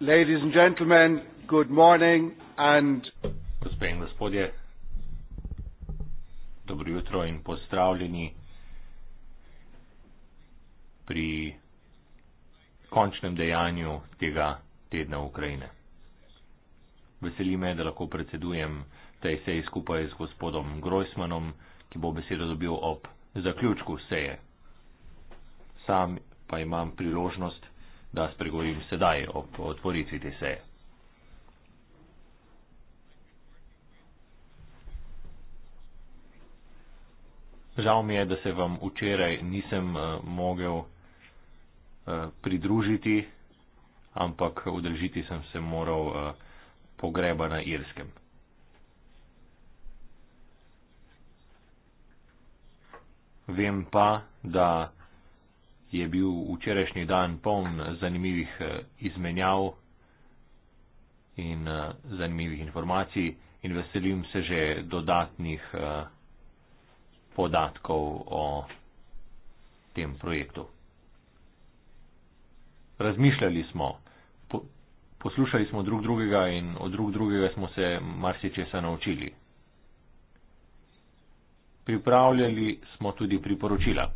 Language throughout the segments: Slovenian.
Ladies and gentlemen, good morning and gospe in gospodje, dobro jutro in pozdravljeni pri končnem dejanju tega tedna Ukrajine. Veseli me, da lahko predsedujem tej seji skupaj z gospodom Grojsmanom, ki bo besedo dobil ob zaključku seje. Sam pa imam priložnost, da spregovorim sedaj ob otvoritvi te seje. Žal mi je, da se vam včeraj nisem eh, mogel eh, pridružiti, ampak udeležiti sem se moral eh, pogreba na Irskem. Vem pa, da je bil včerajšnji dan poln zanimivih eh, izmenjav in eh, zanimivih informacij in veselim se že dodatnih eh, podatkov o tem projektu. Razmišljali smo, po, poslušali smo drug drugega in od drug drugega smo se marsičesa naučili. Pripravljali smo tudi priporočila.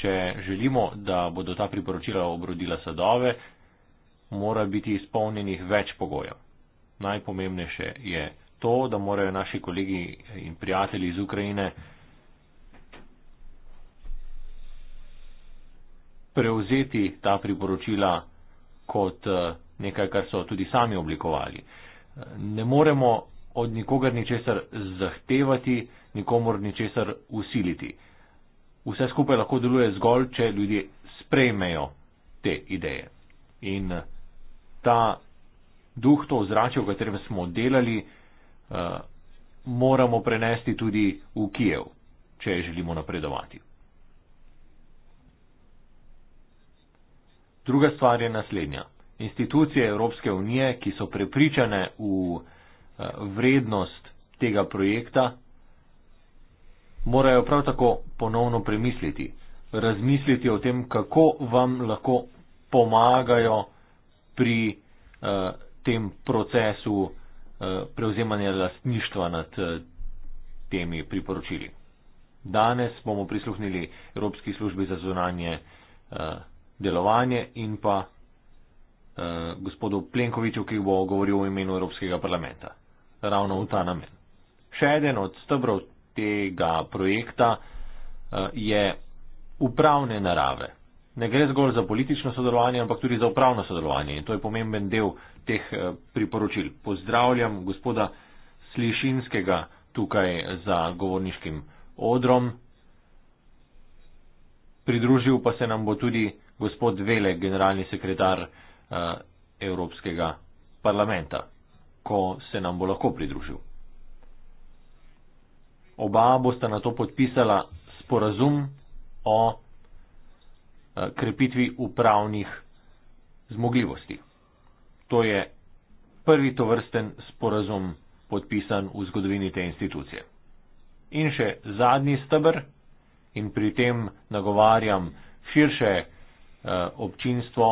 Če želimo, da bodo ta priporočila obrodila sadove, mora biti izpolnjenih več pogojev. Najpomembnejše je to, da morajo naši kolegi in prijatelji iz Ukrajine prevzeti ta priporočila kot eh, nekaj, kar so tudi sami oblikovali. Ne moremo od nikogar ničesar zahtevati, nikomor ničesar usiliti vse skupaj lahko deluje zgolj, če ljudje sprejmejo te ideje. In eh, ta duh, to ozračje, v katerem smo delali, eh, moramo prenesti tudi v Kijev, če želimo napredovati. Druga stvar je naslednja. Institucije Evropske unije, ki so prepričane v eh, vrednost tega projekta, morajo prav tako ponovno premisliti, razmisliti o tem, kako vam lahko pomagajo pri uh, tem procesu uh, prevzemanja lastništva nad uh, temi priporočili. Danes bomo prisluhnili Evropski službi za zunanje uh, delovanje in pa uh, gospodu Plenkoviču, ki bo govoril v imenu Evropskega parlamenta. Ravno v ta namen. Še eden od stebrov tega projekta eh, je upravne narave. Ne gre zgolj za politično sodelovanje, ampak tudi za upravno sodelovanje in to je pomemben del teh eh, priporočil. Pozdravljam gospoda Slišinskega tukaj za govorniškim odrom. Pridružil pa se nam bo tudi gospod Vele, generalni sekretar eh, Evropskega parlamenta, ko se nam bo lahko pridružil oba bosta na to podpisala sporazum o eh, krepitvi upravnih zmogljivosti. To je prvi tovrsten sporazum podpisan v zgodovini te institucije. In še zadnji stebr, in pri tem nagovarjam širše eh, občinstvo,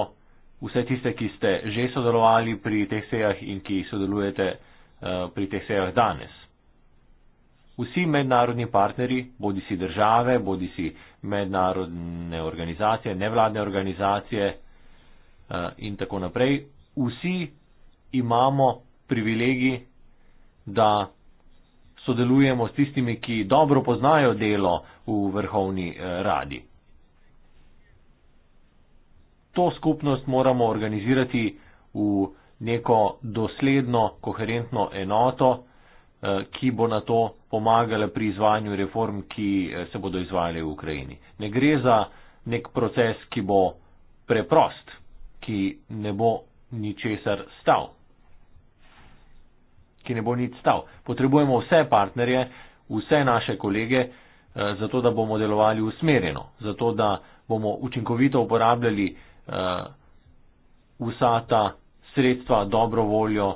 vse tiste, ki ste že sodelovali pri teh sejah in ki sodelujete eh, pri teh sejah danes vsi mednarodni partnerji, bodi si države, bodi si mednarodne organizacije, nevladne organizacije eh, in tako naprej, vsi imamo privilegij, da sodelujemo s tistimi, ki dobro poznajo delo v vrhovni eh, radi. To skupnost moramo organizirati v neko dosledno, koherentno enoto, Eh, ki bo na to pomagala pri izvajanju reform, ki eh, se bodo izvajale v Ukrajini. Ne gre za nek proces, ki bo preprost, ki ne bo ničesar stal. Ki ne bo nič stal. Potrebujemo vse partnerje, vse naše kolege, eh, zato da bomo delovali usmerjeno, zato da bomo učinkovito uporabljali vsa ta sredstva, dobro voljo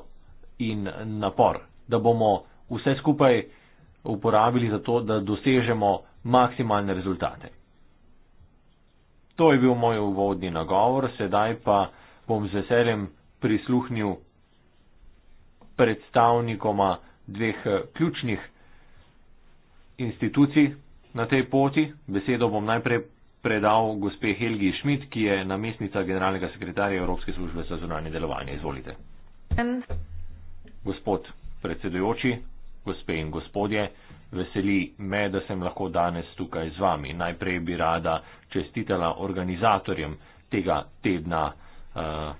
in napor, da bomo vse skupaj uporabili za to, da dosežemo maksimalne rezultate. To je bil moj uvodni nagovor, sedaj pa bom z veseljem prisluhnil predstavnikoma dveh eh, ključnih institucij na tej poti. Besedo bom najprej predal gospe Helgi Šmit, ki je namestnica generalnega sekretarja Evropske službe za zunanje delovanje. Izvolite. Gospod predsedujoči, Gospe in gospodje, veseli me, da sem lahko danes tukaj z vami. Najprej bi rada čestitala organizatorjem tega tedna, uh,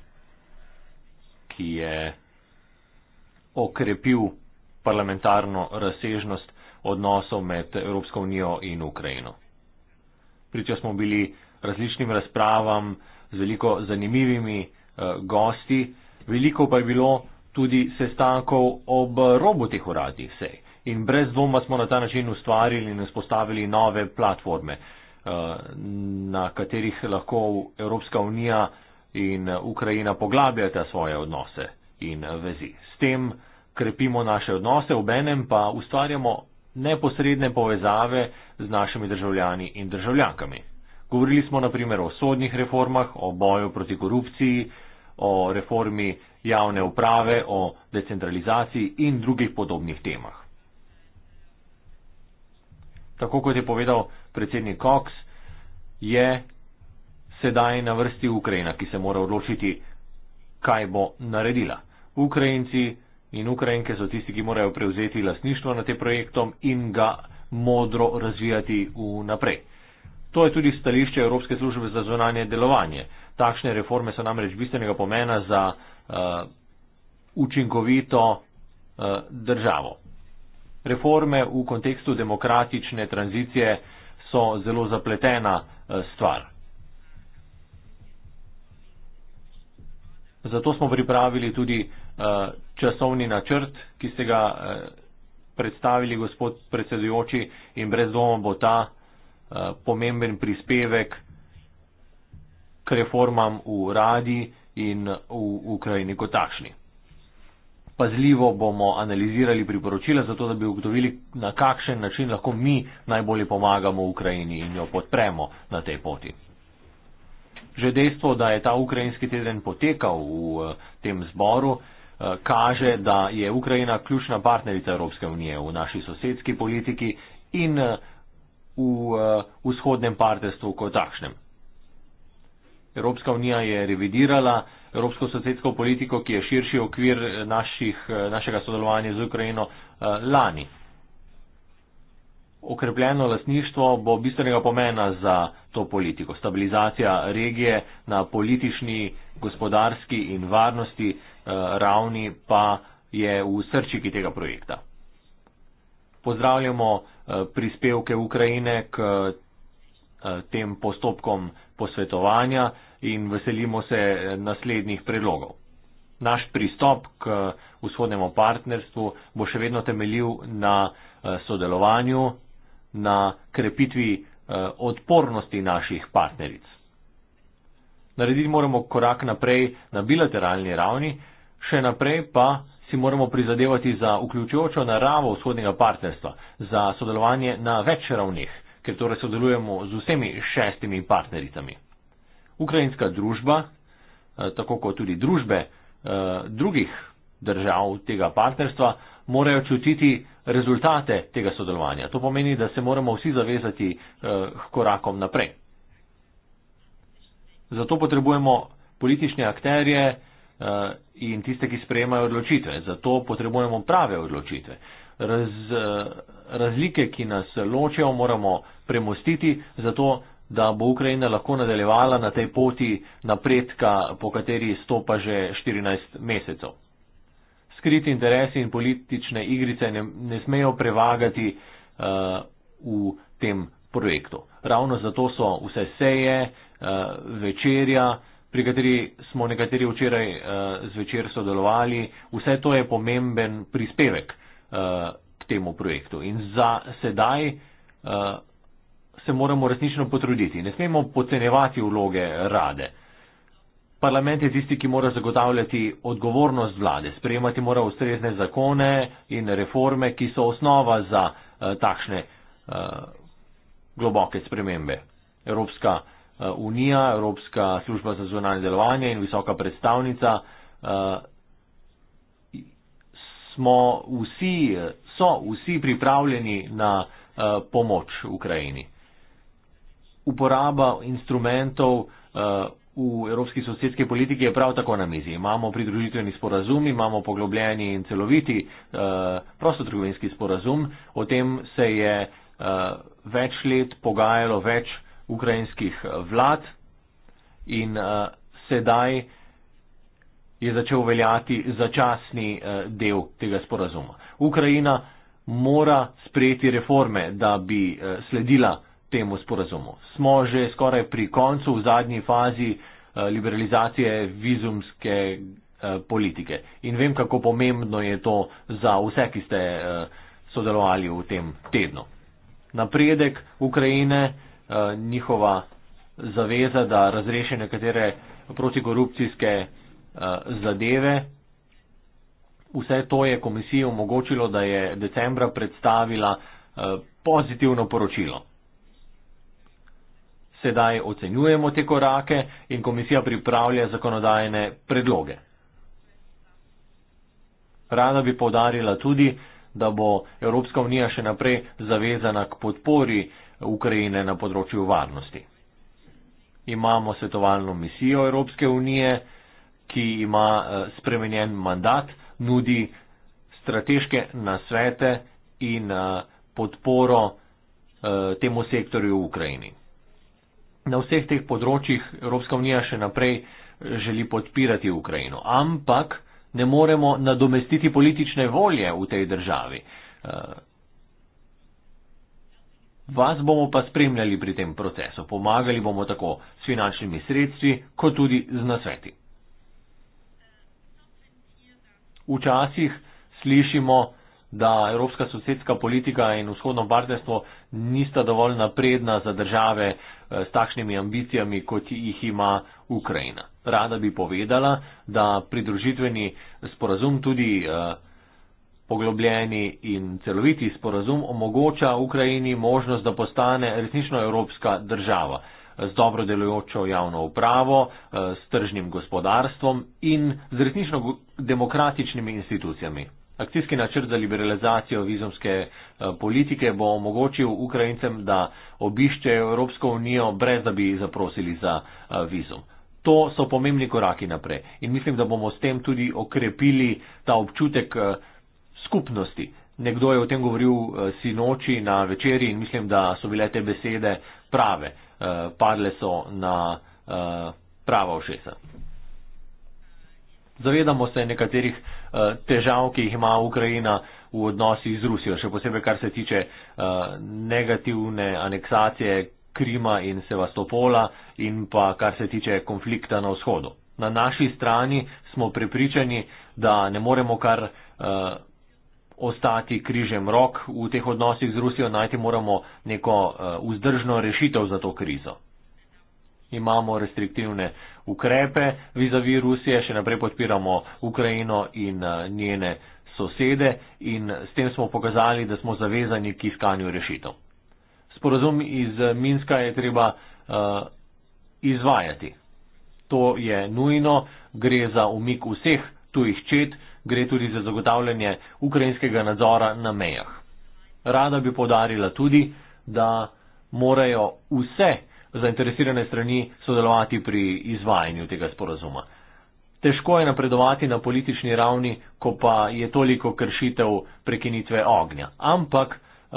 ki je okrepil parlamentarno razsežnost odnosov med Evropsko unijo in Ukrajino. Priča smo bili različnim razpravam z veliko zanimivimi uh, gosti, veliko pa je bilo tudi sestankov ob robotih uradnih sej. In brez dvoma smo na ta način ustvarili in vzpostavili nove platforme, eh, na katerih lahko Evropska unija in Ukrajina poglabljata svoje odnose in vezi. S tem krepimo naše odnose, obenem pa ustvarjamo neposredne povezave z našimi državljani in državljankami. Govorili smo naprimer o sodnih reformah, o boju proti korupciji, o reformi javne uprave, o decentralizaciji in drugih podobnih temah. Tako kot je povedal predsednik Cox, je sedaj na vrsti Ukrajina, ki se mora odločiti, kaj bo naredila. Ukrajinci in Ukrajinke so tisti, ki morajo prevzeti lasništvo nad tem projektom in ga modro razvijati v naprej. To je tudi stališče Evropske službe za zvonanje delovanje. Takšne reforme so namreč bistvenega pomena za uh, učinkovito uh, državo. Reforme v kontekstu demokratične tranzicije so zelo zapletena uh, stvar. Zato smo pripravili tudi uh, časovni načrt, ki ste ga uh, predstavili, gospod predsedujoči, in brez dvoma bo ta uh, pomemben prispevek k reformam v radi in v Ukrajini kot takšni. Pazljivo bomo analizirali priporočila, zato da bi ugotovili, na kakšen način lahko mi najbolje pomagamo Ukrajini in jo podpremo na tej poti. Že dejstvo, da je ta ukrajinski teden potekal v eh, tem zboru, eh, kaže, da je Ukrajina ključna partnerica Evropske unije v naši sosedski politiki in eh, v vzhodnem partnerstvu kot takšnem. Evropska unija je revidirala Evropsko sosedsko politiko, ki je širši okvir naših, našega sodelovanja z Ukrajino eh, lani. Okrepljeno lasništvo bo bistvenega pomena za to politiko. Stabilizacija regije na politični, gospodarski in varnosti eh, ravni pa je v srčiki tega projekta. Pozdravljamo eh, prispevke Ukrajine k tem postopkom posvetovanja in veselimo se naslednjih predlogov. Naš pristop k vzhodnemu partnerstvu bo še vedno temeljil na eh, sodelovanju, na krepitvi eh, odpornosti naših partneric. Narediti moramo korak naprej na bilateralni ravni, še naprej pa si moramo prizadevati za vključujočo naravo vzhodnega partnerstva, za sodelovanje na več ravneh ker torej sodelujemo z vsemi šestimi partnericami. Ukrajinska družba, eh, tako kot tudi družbe eh, drugih držav tega partnerstva, morajo čutiti rezultate tega sodelovanja. To pomeni, da se moramo vsi zavezati k eh, korakom naprej. Zato potrebujemo politične akterje in tiste, ki sprejemajo odločitve. Zato potrebujemo prave odločitve raz, razlike, ki nas ločejo, moramo premostiti, zato da bo Ukrajina lahko nadaljevala na tej poti napredka, po kateri stopa že 14 mesecev. Skriti interesi in politične igrice ne, ne smejo prevagati uh, v tem projektu. Ravno zato so vse seje, uh, večerja, pri kateri smo nekateri včeraj uh, zvečer sodelovali, vse to je pomemben prispevek. Eh, k temu projektu. In za sedaj eh, se moramo resnično potruditi. Ne smemo pocenevati vloge rade. Parlament je tisti, ki mora zagotavljati odgovornost vlade, sprejemati mora ustrezne zakone in reforme, ki so osnova za uh, takšne uh, globoke spremembe. Evropska uh, unija, Evropska služba za zunanje delovanje in visoka predstavnica uh, smo vsi, so vsi pripravljeni na uh, pomoč Ukrajini. Uporaba instrumentov uh, v evropski sosedske politiki je prav tako na mizi. Imamo pridružitveni sporazum, imamo poglobljeni in celoviti uh, prostotrgovinski sporazum. O tem se je uh, več let pogajalo več ukrajinskih vlad in uh, sedaj uh, je začel veljati začasni eh, del tega sporazuma. Ukrajina mora sprejeti reforme, da bi eh, sledila temu sporazumu. Smo že skoraj pri koncu, v zadnji fazi eh, liberalizacije vizumske politike. In vem, kako pomembno je to za vse, ki ste sodelovali v tem tednu. Napredek Ukrajine, njihova zaveza, da razreše nekatere protikorupcijske Eh, zadeve. Vse to je komisija omogočilo, da je decembra predstavila eh, pozitivno poročilo. Sedaj ocenjujemo te korake in komisija pripravlja zakonodajne predloge. Rada bi povdarila tudi, da bo Evropska unija še naprej zavezana k podpori Ukrajine na področju varnosti. Imamo svetovalno misijo Evropske unije, ki ima eh, spremenjen mandat, nudi strateške nasvete in eh, podporo eh, temu sektorju v Ukrajini. Na vseh teh področjih Evropska unija še naprej želi podpirati Ukrajino, ampak ne moremo nadomestiti politične volje v tej državi. Vas bomo pa spremljali pri tem procesu, pomagali bomo tako s finančnimi sredstvi, kot tudi z nasveti. Včasih slišimo, da evropska sosedska politika in vzhodno partnerstvo nista dovolj napredna za države eh, s takšnimi ambicijami, kot jih ima Ukrajina. Rada bi povedala, da pridružitveni sporazum, tudi eh, poglobljeni in celoviti sporazum, omogoča Ukrajini možnost, da postane resnično evropska država eh, z dobro delujočo javno upravo, s tržnim gospodarstvom in z resnično demokratičnimi institucijami. Akcijski načrt za liberalizacijo vizumske eh, politike bo omogočil Ukrajincem, da obiščejo Evropsko unijo brez, da bi zaprosili za eh, vizum. To so pomembni koraki naprej in mislim, da bomo s tem tudi okrepili ta občutek eh, skupnosti. Nekdo je o tem govoril sinoči na večerji in mislim, da so bile te besede prave. Padle so na prava všesa. Zavedamo se nekaterih eh, težav, ki jih ima Ukrajina v odnosih z Rusijo, še posebej kar se tiče eh, negativne aneksacije Krima in Sevastopola in pa kar se tiče konflikta na vzhodu. Na naši strani smo prepričani, da ne moremo kar eh, ostati križem rok v teh odnosih z Rusijo, najti moramo neko vzdržno rešitev za to krizo imamo restriktivne ukrepe vizavi Rusije, še naprej podpiramo Ukrajino in eh, njene sosede in s tem smo pokazali, da smo zavezani k iskanju rešitev. Sporazum iz eh, Minska je treba uh, izvajati. To je nujno, gre za umik vseh tujih čet, gre tudi za zagotavljanje ukrajinskega nadzora na mejah. Rada bi podarila tudi, da morajo vse zainteresirane strani sodelovati pri izvajanju tega sporazuma. Težko je napredovati na politični ravni, ko pa je toliko kršitev prekinitve ognja. Ampak eh,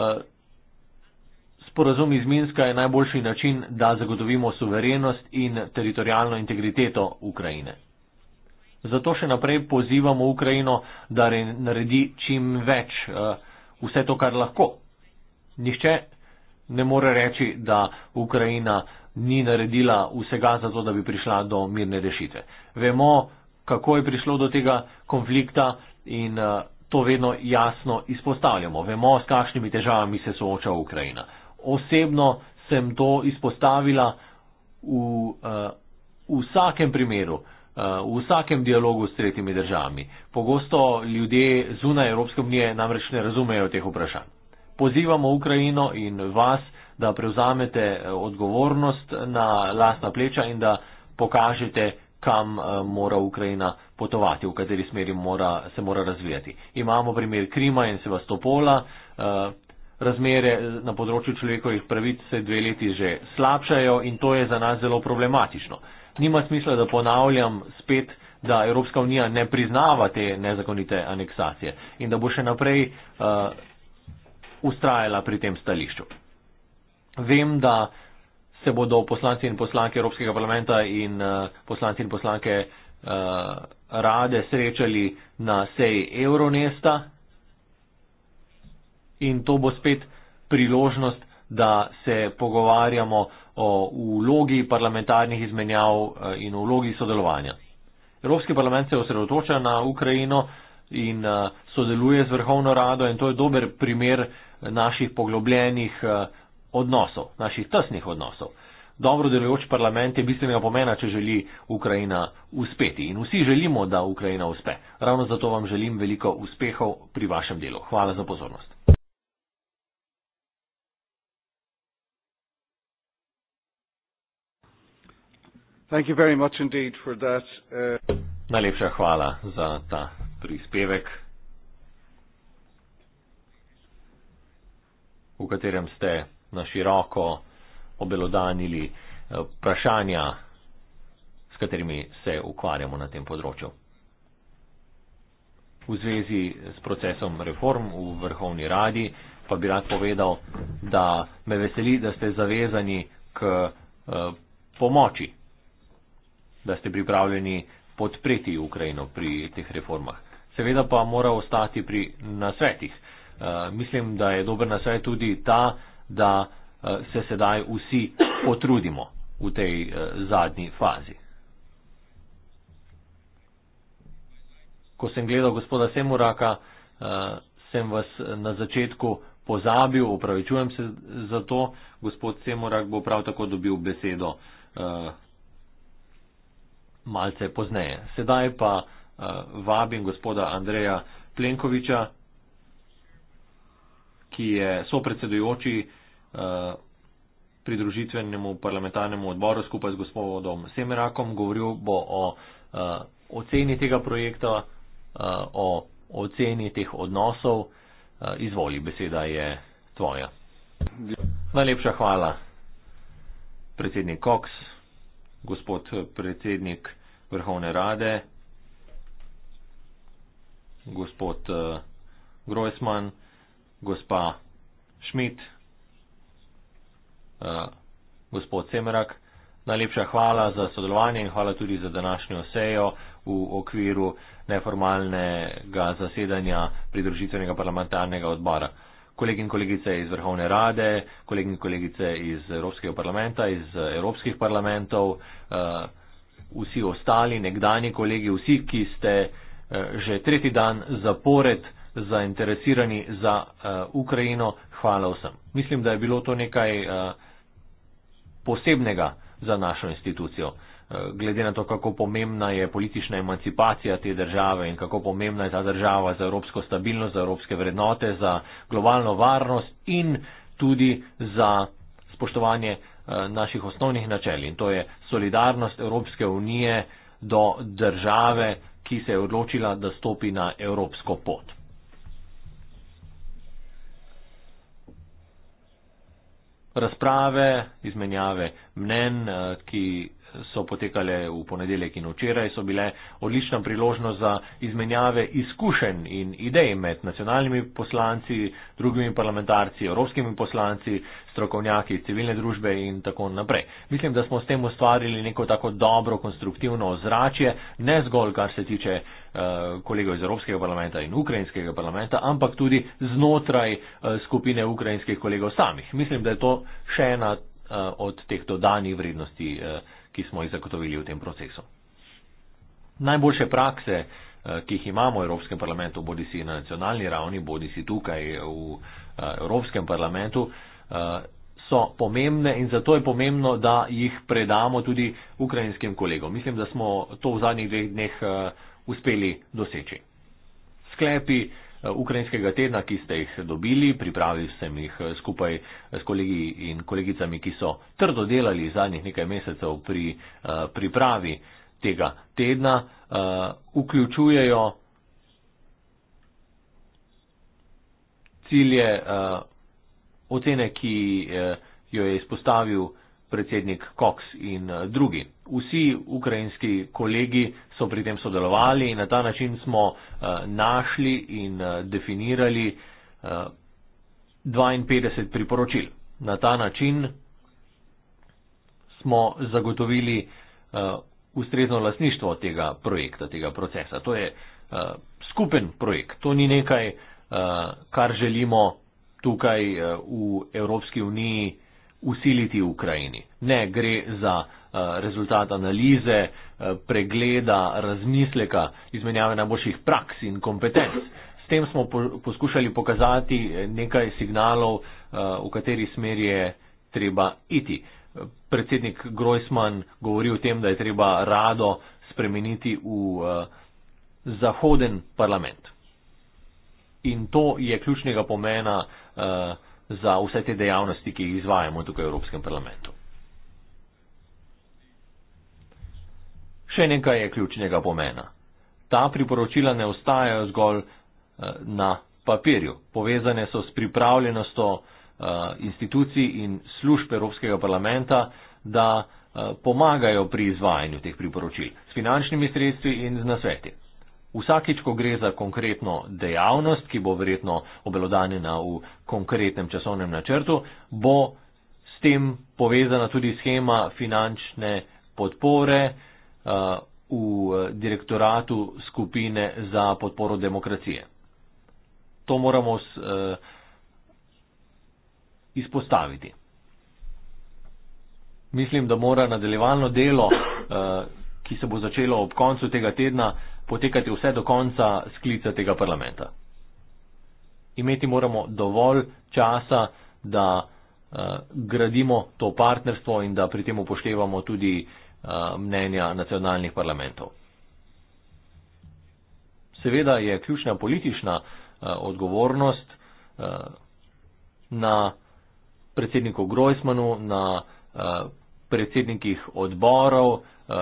sporazum iz Minska je najboljši način, da zagotovimo suverenost in teritorijalno integriteto Ukrajine. Zato še naprej pozivamo Ukrajino, da naredi čim več eh, vse to, kar lahko. Nihče ne more reči, da Ukrajina ni naredila vsega za to, da bi prišla do mirne rešitve. Vemo, kako je prišlo do tega konflikta in eh, to vedno jasno izpostavljamo. Vemo, s kakšnimi težavami se sooča Ukrajina. Osebno sem to izpostavila v, v eh, vsakem primeru, eh, v vsakem dialogu s tretjimi državami. Pogosto ljudje zunaj Evropske unije namreč ne razumejo teh vprašanj pozivamo Ukrajino in vas, da prevzamete eh, odgovornost na lastna pleča in da pokažete, kam eh, mora Ukrajina potovati, v kateri smeri mora, se mora razvijati. Imamo primer Krima in Sevastopola. Eh, razmere na področju človekovih pravic se dve leti že slabšajo in to je za nas zelo problematično. Nima smisla, da ponavljam spet, da Evropska unija ne priznava te nezakonite aneksacije in da bo še naprej uh, ustrajala pri tem stališču. Vem, da se bodo poslanci in poslanke Evropskega parlamenta in eh, poslanci in poslanke eh, rade srečali na seji Euronesta in to bo spet priložnost, da se pogovarjamo o vlogi parlamentarnih izmenjav eh, in o vlogi sodelovanja. Evropski parlament se osredotoča na Ukrajino in sodeluje z Vrhovno rado in to je dober primer, naših poglobljenih eh, odnosov, naših tesnih odnosov. Dobro delujoč parlament je bistvenega pomena, če želi Ukrajina uspeti. In vsi želimo, da Ukrajina uspe. Ravno zato vam želim veliko uspehov pri vašem delu. Hvala za pozornost. Uh, Najlepša hvala za ta prispevek. v katerem ste na široko obelodanili eh, vprašanja, s katerimi se ukvarjamo na tem področju. V zvezi s procesom reform v Vrhovni radi pa bi rad povedal, da me veseli, da ste zavezani k eh, pomoči, da ste pripravljeni podpreti Ukrajino pri teh reformah. Seveda pa mora ostati pri nasvetih. Eh, mislim, da je dober nasaj tudi ta, da eh, se sedaj vsi potrudimo v tej eh, zadnji fazi. Ko sem gledal gospoda Semuraka, sem vas na začetku pozabil, upravičujem se za to, gospod Semurak bo prav tako dobil besedo malce pozneje. Sedaj pa vabim gospoda Andreja Plenkoviča, ki je sopredsedujoči eh, pridružitvenemu parlamentarnemu odboru skupaj z gospodom Semerakom. Govoril bo o eh, oceni tega projekta, eh, o oceni teh odnosov. Izvoli, beseda je tvoja. Najlepša hvala, predsednik Cox, gospod predsednik Vrhovne rade, gospod Grojsman gospa Šmit, uh, eh, gospod Semerak, najlepša hvala za sodelovanje in hvala tudi za današnjo sejo v okviru neformalnega zasedanja pridružitvenega parlamentarnega odbora. Kolegi in kolegice iz Vrhovne rade, kolegi in kolegice iz Evropskega parlamenta, iz Evropskih parlamentov, eh, vsi ostali, nekdani kolegi, vsi, ki ste eh, že tretji dan zapored zainteresirani za uh, Ukrajino, hvala vsem. Mislim, da je bilo to nekaj uh, posebnega za našo institucijo. Uh, glede na to, kako pomembna je politična emancipacija te države in kako pomembna je ta država za evropsko stabilnost, za evropske vrednote, za globalno varnost in tudi za spoštovanje uh, naših osnovnih načel. In to je solidarnost Evropske unije do države, ki se je odločila, da stopi na evropsko pot. razprave, izmenjave mnen, eh, ki so potekale v ponedeljek in včeraj, so bile odlična priložnost za izmenjave izkušenj in idej med nacionalnimi poslanci, drugimi parlamentarci, evropskimi poslanci, strokovnjaki, civilne družbe in tako naprej. Mislim, da smo s tem ustvarili neko tako dobro, konstruktivno ozračje, ne zgolj kar se tiče Eh, kolegov iz Evropskega parlamenta in Ukrajinskega parlamenta, ampak tudi znotraj eh, skupine ukrajinskih kolegov samih. Mislim, da je to še ena eh, od teh dodanih vrednosti, ki smo jih zagotovili v tem procesu. Najboljše prakse, ki jih imamo v Evropskem parlamentu, bodi si na nacionalni ravni, bodi si tukaj v Evropskem parlamentu, so pomembne in zato je pomembno, da jih predamo tudi ukrajinskim kolegom. Mislim, da smo to v zadnjih dveh dneh uh, uspeli doseči. Sklepi eh, ukrajinskega tedna, ki ste jih dobili, pripravil sem jih eh, skupaj eh, s kolegi in kolegicami, ki so trdo delali zadnjih nekaj mesecev pri pripravi tega tedna, vključujejo cilje ocene, ki jo je izpostavil predsednik Cox in eh, drugi. Vsi ukrajinski kolegi so pri tem sodelovali in na ta način smo eh, našli in eh, definirali 52 priporočil. Na ta način smo zagotovili ustrezno lasništvo tega projekta, tega procesa. To je skupen projekt, to ni nekaj, kar želimo tukaj v Evropski uniji usiliti v Ukrajini. Ne gre za uh, rezultat analize, uh, pregleda, razmisleka, izmenjave najboljših praks in kompetenc. S tem smo po, poskušali pokazati eh, nekaj signalov, uh, v kateri smer je treba iti. Predsednik Grojsman govori o tem, da je treba rado spremeniti v uh, zahoden parlament. In to je ključnega pomena uh, za vse te dejavnosti, ki jih izvajamo tukaj v Evropskem parlamentu. Še nekaj je ključnega pomena. Ta priporočila ne ostajajo zgolj eh, na papirju. Povezane so s pripravljenostjo eh, institucij in služb Evropskega parlamenta, da eh, pomagajo pri izvajanju teh priporočil s finančnimi sredstvi in z nasveti. Vsakič, ko gre za konkretno dejavnost, ki bo verjetno obelodanjena v konkretnem časovnem načrtu, bo s tem povezana tudi schema finančne podpore eh, v direktoratu skupine za podporo demokracije. To moramo eh, izpostaviti. Mislim, da mora nadaljevalno delo, eh, ki se bo začelo ob koncu tega tedna, potekati vse do konca sklica tega parlamenta. Imeti moramo dovolj časa, da uh, gradimo to partnerstvo in da pri tem upoštevamo tudi uh, mnenja nacionalnih parlamentov. Seveda je ključna politična uh, odgovornost uh, na predsedniku Grojsmanu, na uh, predsednikih odborov, eh,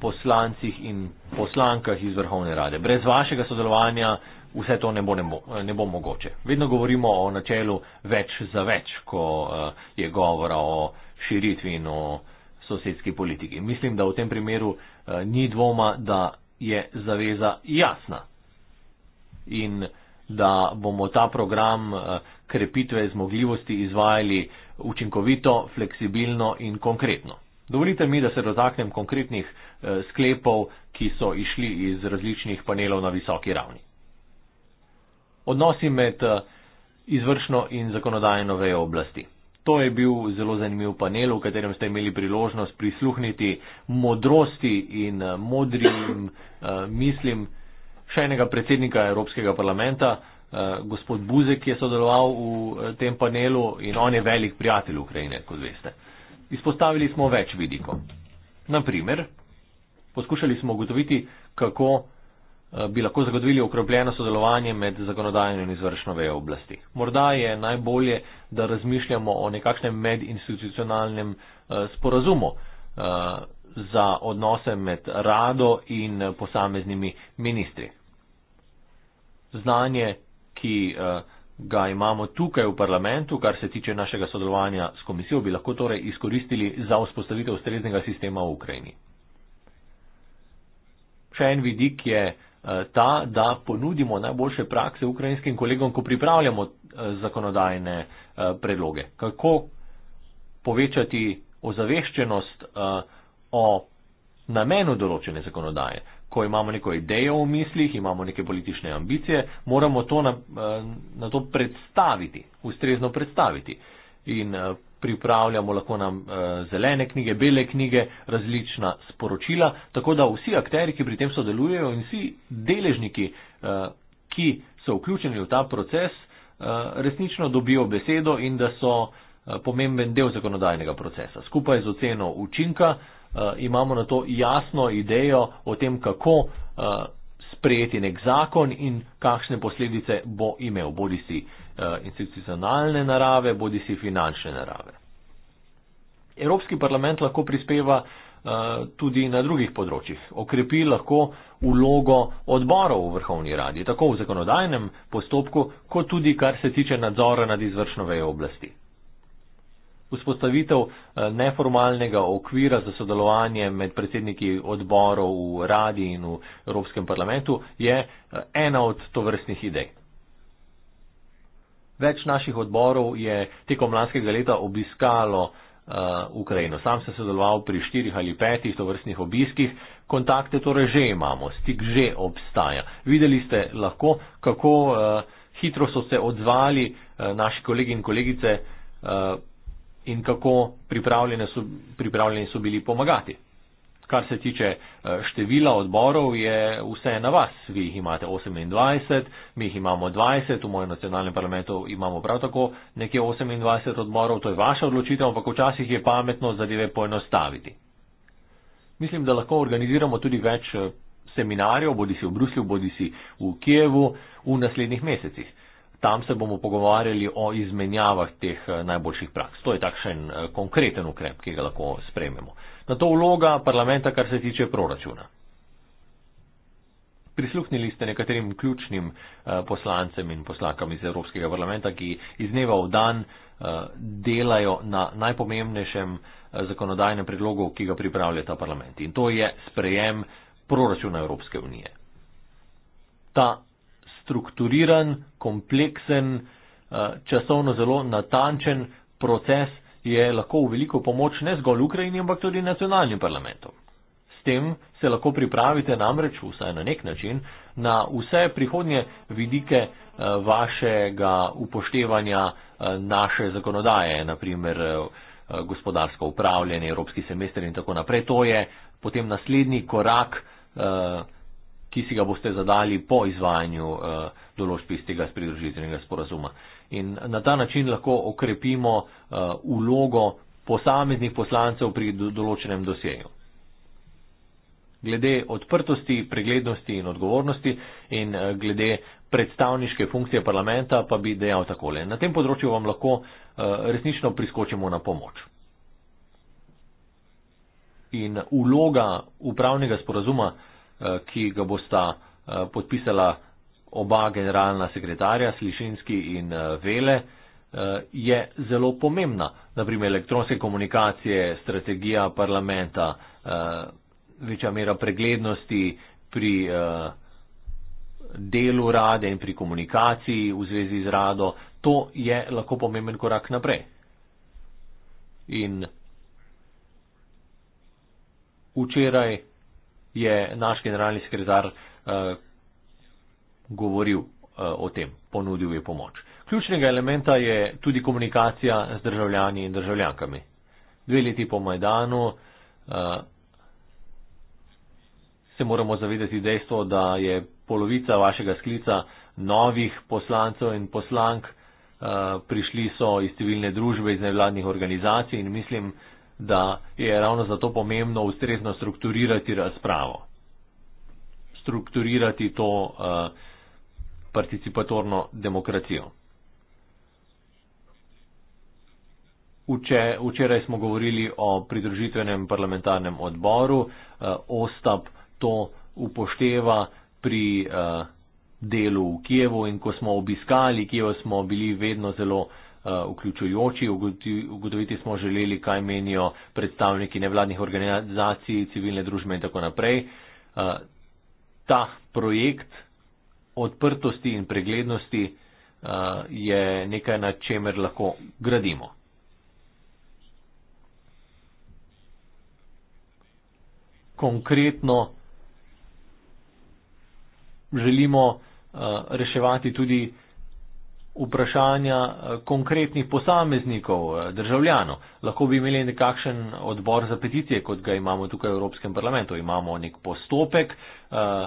poslancih in poslankah iz vrhovne rade. Brez vašega sodelovanja vse to ne bo, ne, bo, ne bo mogoče. Vedno govorimo o načelu več za več, ko eh, je govora o širitvi in o sosedski politiki. Mislim, da v tem primeru eh, ni dvoma, da je zaveza jasna in da bomo ta program krepitve zmogljivosti izvajali učinkovito, fleksibilno in konkretno. Dovolite mi, da se dotaknem konkretnih eh, sklepov, ki so išli iz različnih panelov na visoki ravni. Odnosi med eh, izvršno in zakonodajno vejo oblasti. To je bil zelo zanimiv panel, v katerem ste imeli priložnost prisluhniti modrosti in eh, modrim mislim še enega predsednika Evropskega parlamenta, Eh, gospod Buzek, ki je sodeloval v eh, tem panelu in on je velik prijatelj Ukrajine, kot veste. Izpostavili smo več vidikov. Naprimer, poskušali smo ugotoviti, kako eh, bi lahko zagotovili okrobljeno sodelovanje med zakonodajno in izvršno vejo oblasti. Morda je najbolje, da razmišljamo o nekakšnem medinstitucionalnem sporazumu za odnose med rado in posameznimi ministri. Znanje ki eh, ga imamo tukaj v parlamentu, kar se tiče našega sodelovanja s komisijo, bi lahko torej izkoristili za vzpostavitev ustreznega sistema v Ukrajini. Še en vidik je eh, ta, da ponudimo najboljše prakse ukrajinskim kolegom, ko pripravljamo eh, zakonodajne predloge. Kako povečati ozaveščenost o namenu določene zakonodaje ko imamo neko idejo v mislih, imamo neke politične ambicije, moramo to na, eh, na to predstaviti, ustrezno predstaviti. In eh, pripravljamo lahko nam eh, zelene knjige, bele knjige, različna sporočila, tako da vsi akteri, ki pri tem sodelujejo in vsi deležniki, ki so vključeni v ta proces, resnično dobijo besedo in da so pomemben del zakonodajnega procesa. Skupaj z oceno učinka, Eh, imamo na to jasno idejo o tem, kako eh, sprejeti nek zakon in kakšne posledice bo imel, bodi si eh, institucionalne narave, bodi si finančne narave. Evropski parlament lahko prispeva tudi na drugih področjih. Okrepi lahko ulogo odborov v vrhovni radi, tako v zakonodajnem postopku, kot tudi kar se tiče nadzora nad izvršno vejo oblasti. Vzpostavitev eh, neformalnega okvira za sodelovanje med predsedniki odborov v radi in v Evropskem parlamentu je eh, ena od tovrstnih idej. Več naših odborov je tekom lanskega leta obiskalo uh, Ukrajino. Sam sem sodeloval pri štirih ali petih tovrstnih obiskih. Kontakte torej že imamo, stik že obstaja. Videli ste lahko, kako uh, hitro so se odzvali uh, naši kolegi in kolegice. Uh, in kako pripravljeni so, pripravljeni so bili pomagati. Kar se tiče eh, števila odborov, je vse na vas. Vi jih imate 28, mi jih imamo 20, v mojem nacionalnem parlamentu imamo prav tako nekje 28 odborov, to je vaša odločitev, ampak včasih je pametno zadeve poenostaviti. Mislim, da lahko organiziramo tudi več eh, seminarjev, bodi si v Bruslju, bodi si v Kijevu, v naslednjih mesecih. Tam se bomo pogovarjali o izmenjavah teh eh, najboljših praks. To je takšen eh, konkreten ukrep, ki ga lahko sprememo. Na to vloga parlamenta, kar se tiče proračuna. Prisluhnili ste nekaterim ključnim eh, poslancem in poslankam iz Evropskega parlamenta, ki iz dneva v dan delajo na najpomembnejšem zakonodajnem predlogu, ki ga pripravlja ta parlament. In to je sprejem proračuna Evropske unije. Ta strukturiran, kompleksen, eh, časovno zelo natančen proces je lahko v veliko pomoč ne zgolj Ukrajini, ampak tudi nacionalnim parlamentom. S tem se lahko pripravite namreč vsaj na nek način na vse prihodnje vidike eh, vašega upoštevanja eh, naše zakonodaje, naprimer gospodarsko upravljanje, evropski semester in tako naprej. To je potem naslednji korak ki si ga boste zadali po izvajanju eh, določb iz tega pridružitvenega sporazuma. In na ta način lahko okrepimo ulogo eh, posameznih poslancev pri določenem dosjeju. Glede odprtosti, preglednosti in odgovornosti in eh, glede predstavniške funkcije parlamenta pa bi dejal takole. Na tem področju vam lahko resnično priskočimo na pomoč. In uloga upravnega sporazuma Eh, ki ga bosta eh, podpisala oba generalna sekretarja, Slišinski in eh, Vele, je zelo pomembna. Naprimer, elektronske komunikacije, strategija parlamenta, večja mera preglednosti pri delu rade in pri komunikaciji v zvezi z rado, to je lahko pomemben korak naprej. In včeraj je naš generalni sekretar eh, govoril eh, o tem, ponudil je pomoč. Ključnega elementa je tudi komunikacija z državljani in državljankami. Dve leti po Majdanu eh, se moramo zavedati dejstvo, da je polovica vašega sklica novih poslancev in poslank, prišli so iz civilne družbe, iz nevladnih organizacij in mislim, da je ravno zato pomembno ustrezno strukturirati razpravo, strukturirati to uh, participatorno demokracijo. Uče, včeraj smo govorili o pridružitvenem parlamentarnem odboru, uh, Ostap to upošteva pri uh, delu v Kijevu in ko smo obiskali Kijevo, smo bili vedno zelo uh, Eh, vključujoči. Ugotoviti smo želeli, kaj menijo predstavniki nevladnih organizacij, civilne družbe in tako naprej. Eh, ta projekt odprtosti in preglednosti eh, je nekaj, na čemer lahko gradimo. Konkretno želimo reševati tudi vprašanja eh, konkretnih posameznikov, eh, državljanov. Lahko bi imeli nekakšen odbor za peticije, kot ga imamo tukaj v Evropskem parlamentu. Imamo nek postopek, eh,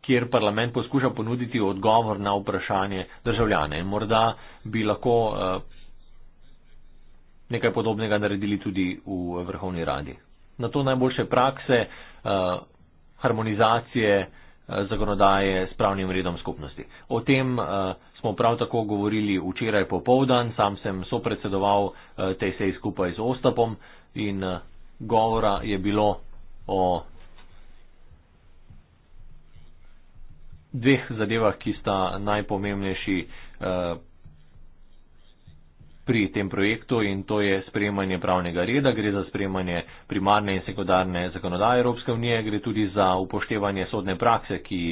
kjer parlament poskuša ponuditi odgovor na vprašanje državljane. In morda bi lahko nekaj podobnega naredili tudi v Vrhovni radi. Na to najboljše prakse harmonizacije zakonodaje s pravnim redom skupnosti. O tem uh, smo prav tako govorili včeraj popovdan, sam sem sopredsedoval eh, tej seji skupaj z Ostapom in eh, govora je bilo o dveh zadevah, ki sta najpomembnejši eh, pri tem projektu in to je sprejemanje pravnega reda, gre za sprejemanje primarne in sekundarne zakonodaje Evropske unije, gre tudi za upoštevanje sodne prakse, ki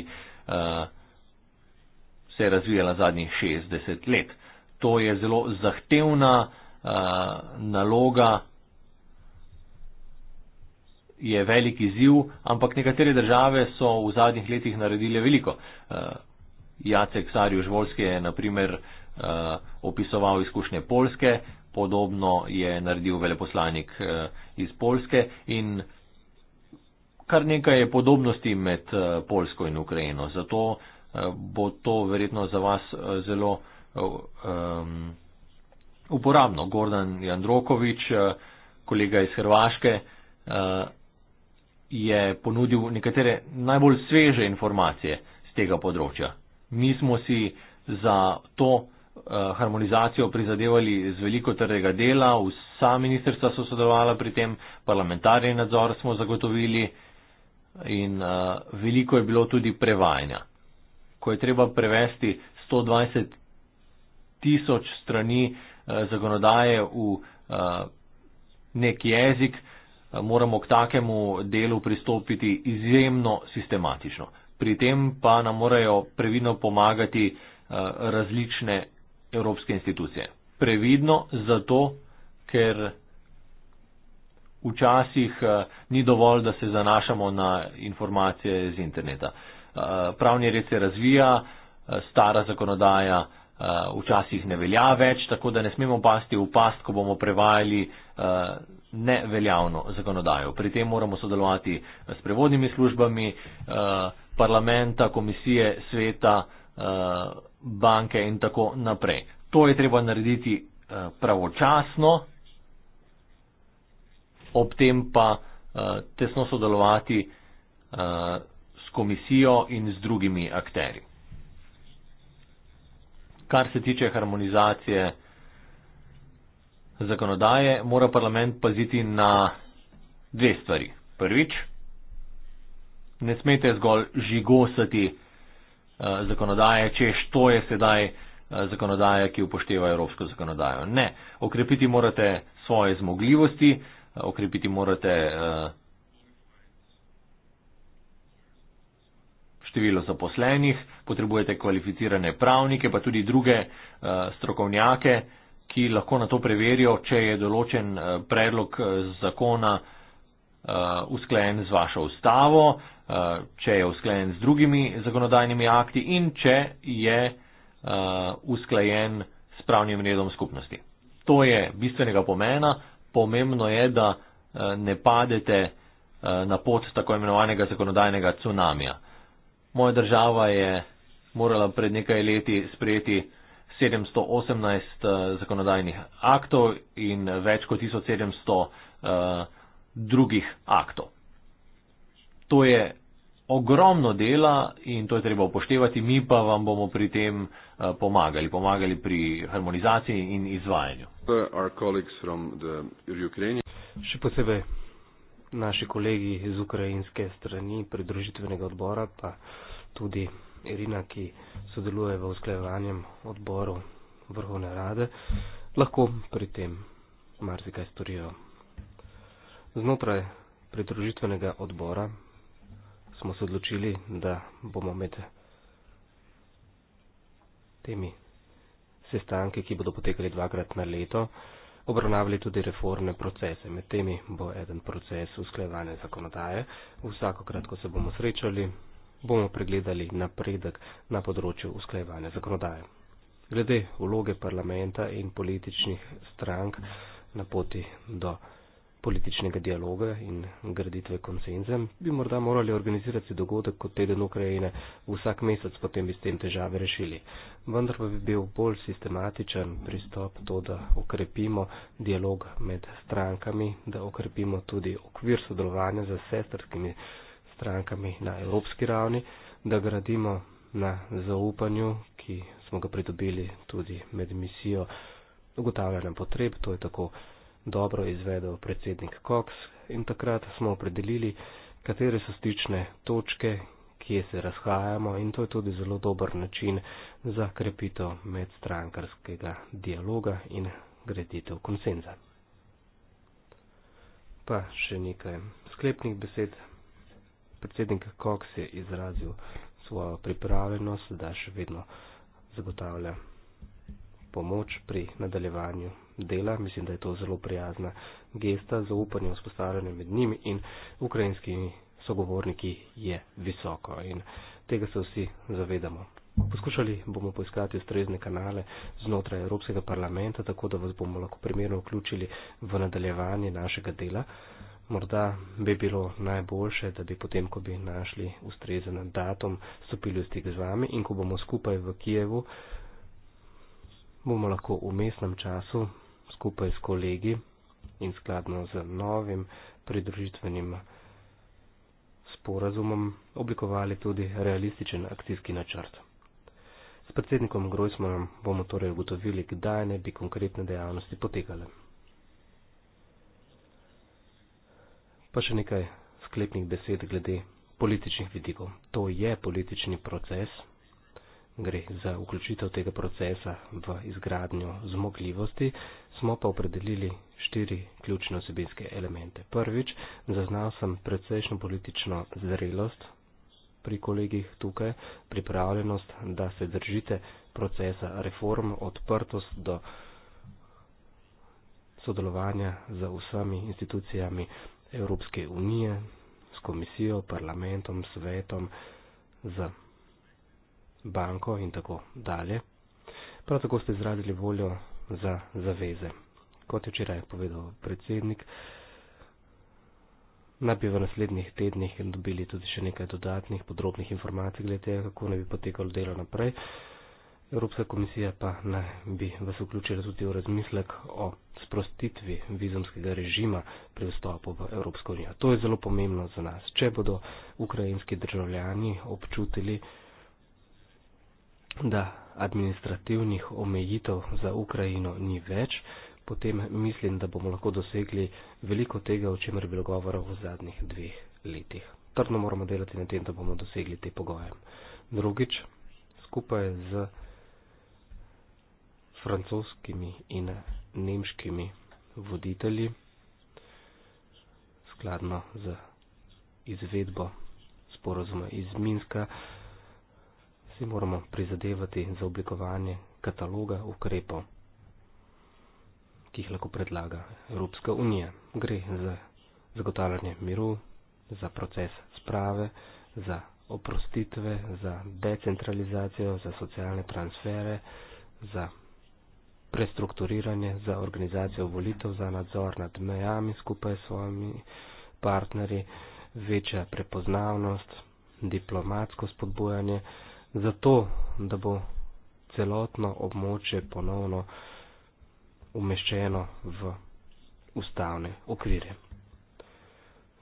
se je razvijala zadnjih 60 let. To je zelo zahtevna uh, naloga, je velik izziv, ampak nekatere države so v zadnjih letih naredile veliko. Uh, Jacek Sarju Žvolski je naprimer uh, eh, opisoval izkušnje Polske, podobno je naredil veleposlanik uh, iz Polske in kar nekaj je podobnosti med uh, Polsko in Ukrajino. Zato uh, Eh, bo to verjetno za vas eh, zelo um, uporabno. Gordon Jandrokovič, kolega iz Hrvaške, je ponudil nekatere najbolj sveže informacije z tega področja. Mi smo si za to harmonizacijo prizadevali z veliko trdega dela, vsa ministrstva so sodelovala pri tem, parlamentarni nadzor smo zagotovili in uh, veliko je bilo tudi prevajanja ko je treba prevesti 120 tisoč strani eh, zakonodaje v eh, nek jezik, eh, moramo k takemu delu pristopiti izjemno sistematično. Pri tem pa nam morajo previdno pomagati eh, različne evropske institucije. Previdno zato, ker včasih eh, ni dovolj, da se zanašamo na informacije iz interneta. Eh, Eh, pravni red se razvija, eh, stara zakonodaja eh, včasih ne velja več, tako da ne smemo pasti v past, ko bomo prevajali neveljavno zakonodajo. Pri tem moramo sodelovati s prevodnimi službami parlamenta, komisije, sveta, banke in tako naprej. To je treba narediti pravočasno, ob tem pa tesno sodelovati komisijo in z drugimi akteri. Kar se tiče harmonizacije zakonodaje, mora parlament paziti na dve stvari. Prvič, ne smete zgolj žigosati eh, zakonodaje, če što je sedaj eh, zakonodaja, ki upošteva evropsko zakonodajo. Ne, okrepiti morate svoje zmogljivosti, eh, okrepiti morate število zaposlenih, potrebujete kvalificirane pravnike, pa tudi druge eh, strokovnjake, ki lahko na to preverijo, če je določen eh, predlog eh, zakona usklajen z vašo ustavo, če je usklajen z drugimi zakonodajnimi akti in če je usklajen s pravnim redom skupnosti. To je bistvenega pomena. Pomembno je, da ne padete na pot tako imenovanega zakonodajnega tsunamija. Moja država je morala pred nekaj leti sprejeti 718 eh, zakonodajnih aktov in več kot 1700 uh, eh, drugih aktov. To je ogromno dela in to je treba upoštevati, mi pa vam bomo pri tem uh, pomagali, pomagali pri harmonizaciji in izvajanju. Še posebej naši kolegi iz ukrajinske strani pridružitvenega odbora, pa tudi Irina, ki sodeluje v usklajevanjem odboru vrhovne rade, lahko pri tem marsikaj storijo. Znotraj pridružitvenega odbora smo se odločili, da bomo med temi sestanki, ki bodo potekali dvakrat na leto, obravnavali tudi reformne procese. Med temi bo eden proces usklajevanja zakonodaje. Vsakokrat, ko se bomo srečali, bomo pregledali napredek na področju usklajevanja zakonodaje. Glede vloge parlamenta in političnih strank na poti do političnega dialoga in graditve konsenzem, bi morda morali organizirati dogodek kot teden Ukrajine vsak mesec, potem bi s tem težave rešili. Vendar pa bi bil bolj sistematičen pristop to, da okrepimo dialog med strankami, da okrepimo tudi okvir sodelovanja z sestrskimi strankami na evropski ravni, da gradimo na zaupanju, ki smo ga pridobili tudi med misijo ugotavljanja potreb, to je tako dobro izvedel predsednik Cox in takrat smo opredelili, katere so stične točke, kje se razhajamo in to je tudi zelo dober način za krepitev medstrankarskega dialoga in graditev konsenza. Pa še nekaj sklepnih besed. Predsednik Cox je izrazil svojo pripravljenost, da še vedno zagotavlja pomoč pri nadaljevanju dela, mislim, da je to zelo prijazna gesta, zaupanje vzpostavljanje med njimi in ukrajinskimi sogovorniki je visoko in tega se vsi zavedamo. Poskušali bomo poiskati ustrezne kanale znotraj Evropskega parlamenta, tako da vas bomo lahko primerno vključili v nadaljevanje našega dela. Morda bi bilo najboljše, da bi potem, ko bi našli ustrezen datum, stopili v stik z vami in ko bomo skupaj v Kijevu, bomo lahko v mestnem času skupaj s kolegi in skladno z novim pridružitvenim sporazumom oblikovali tudi realističen akcijski načrt. S predsednikom Grojsmanom bomo torej ugotovili, kdaj ne bi konkretne dejavnosti potekale. Pa še nekaj sklepnih besed glede političnih vidikov. To je politični proces gre za vključitev tega procesa v izgradnjo zmogljivosti, smo pa opredelili štiri ključne osebinske elemente. Prvič, zaznal sem precejšno politično zrelost pri kolegih tukaj, pripravljenost, da se držite procesa reform, odprtost do sodelovanja z vsemi institucijami Evropske unije, s komisijo, parlamentom, svetom, z banko in tako dalje. Prav tako ste izrazili voljo za zaveze. Kot je včeraj povedal predsednik, naj bi v naslednjih tednih dobili tudi še nekaj dodatnih podrobnih informacij glede tega, kako naj bi potekalo delo naprej. Evropska komisija pa naj bi vas vključila tudi v razmislek o sprostitvi vizumskega režima pri vstopu v Evropsko unijo. To je zelo pomembno za nas. Če bodo ukrajinski državljani občutili, da administrativnih omejitev za Ukrajino ni več, potem mislim, da bomo lahko dosegli veliko tega, o čemer je bilo govora v zadnjih dveh letih. Trdno moramo delati na tem, da bomo dosegli te pogoje. Drugič, skupaj z francoskimi in nemškimi voditelji, skladno z izvedbo sporozuma iz Minska, si moramo prizadevati za oblikovanje kataloga ukrepov, ki jih lahko predlaga Evropska unija. Gre za zagotavljanje miru, za proces sprave, za oprostitve, za decentralizacijo, za socialne transfere, za prestrukturiranje, za organizacijo volitev, za nadzor nad mejami skupaj s svojimi partnerji, večja prepoznavnost, diplomatsko spodbujanje zato, da bo celotno območje ponovno umeščeno v ustavne okvire.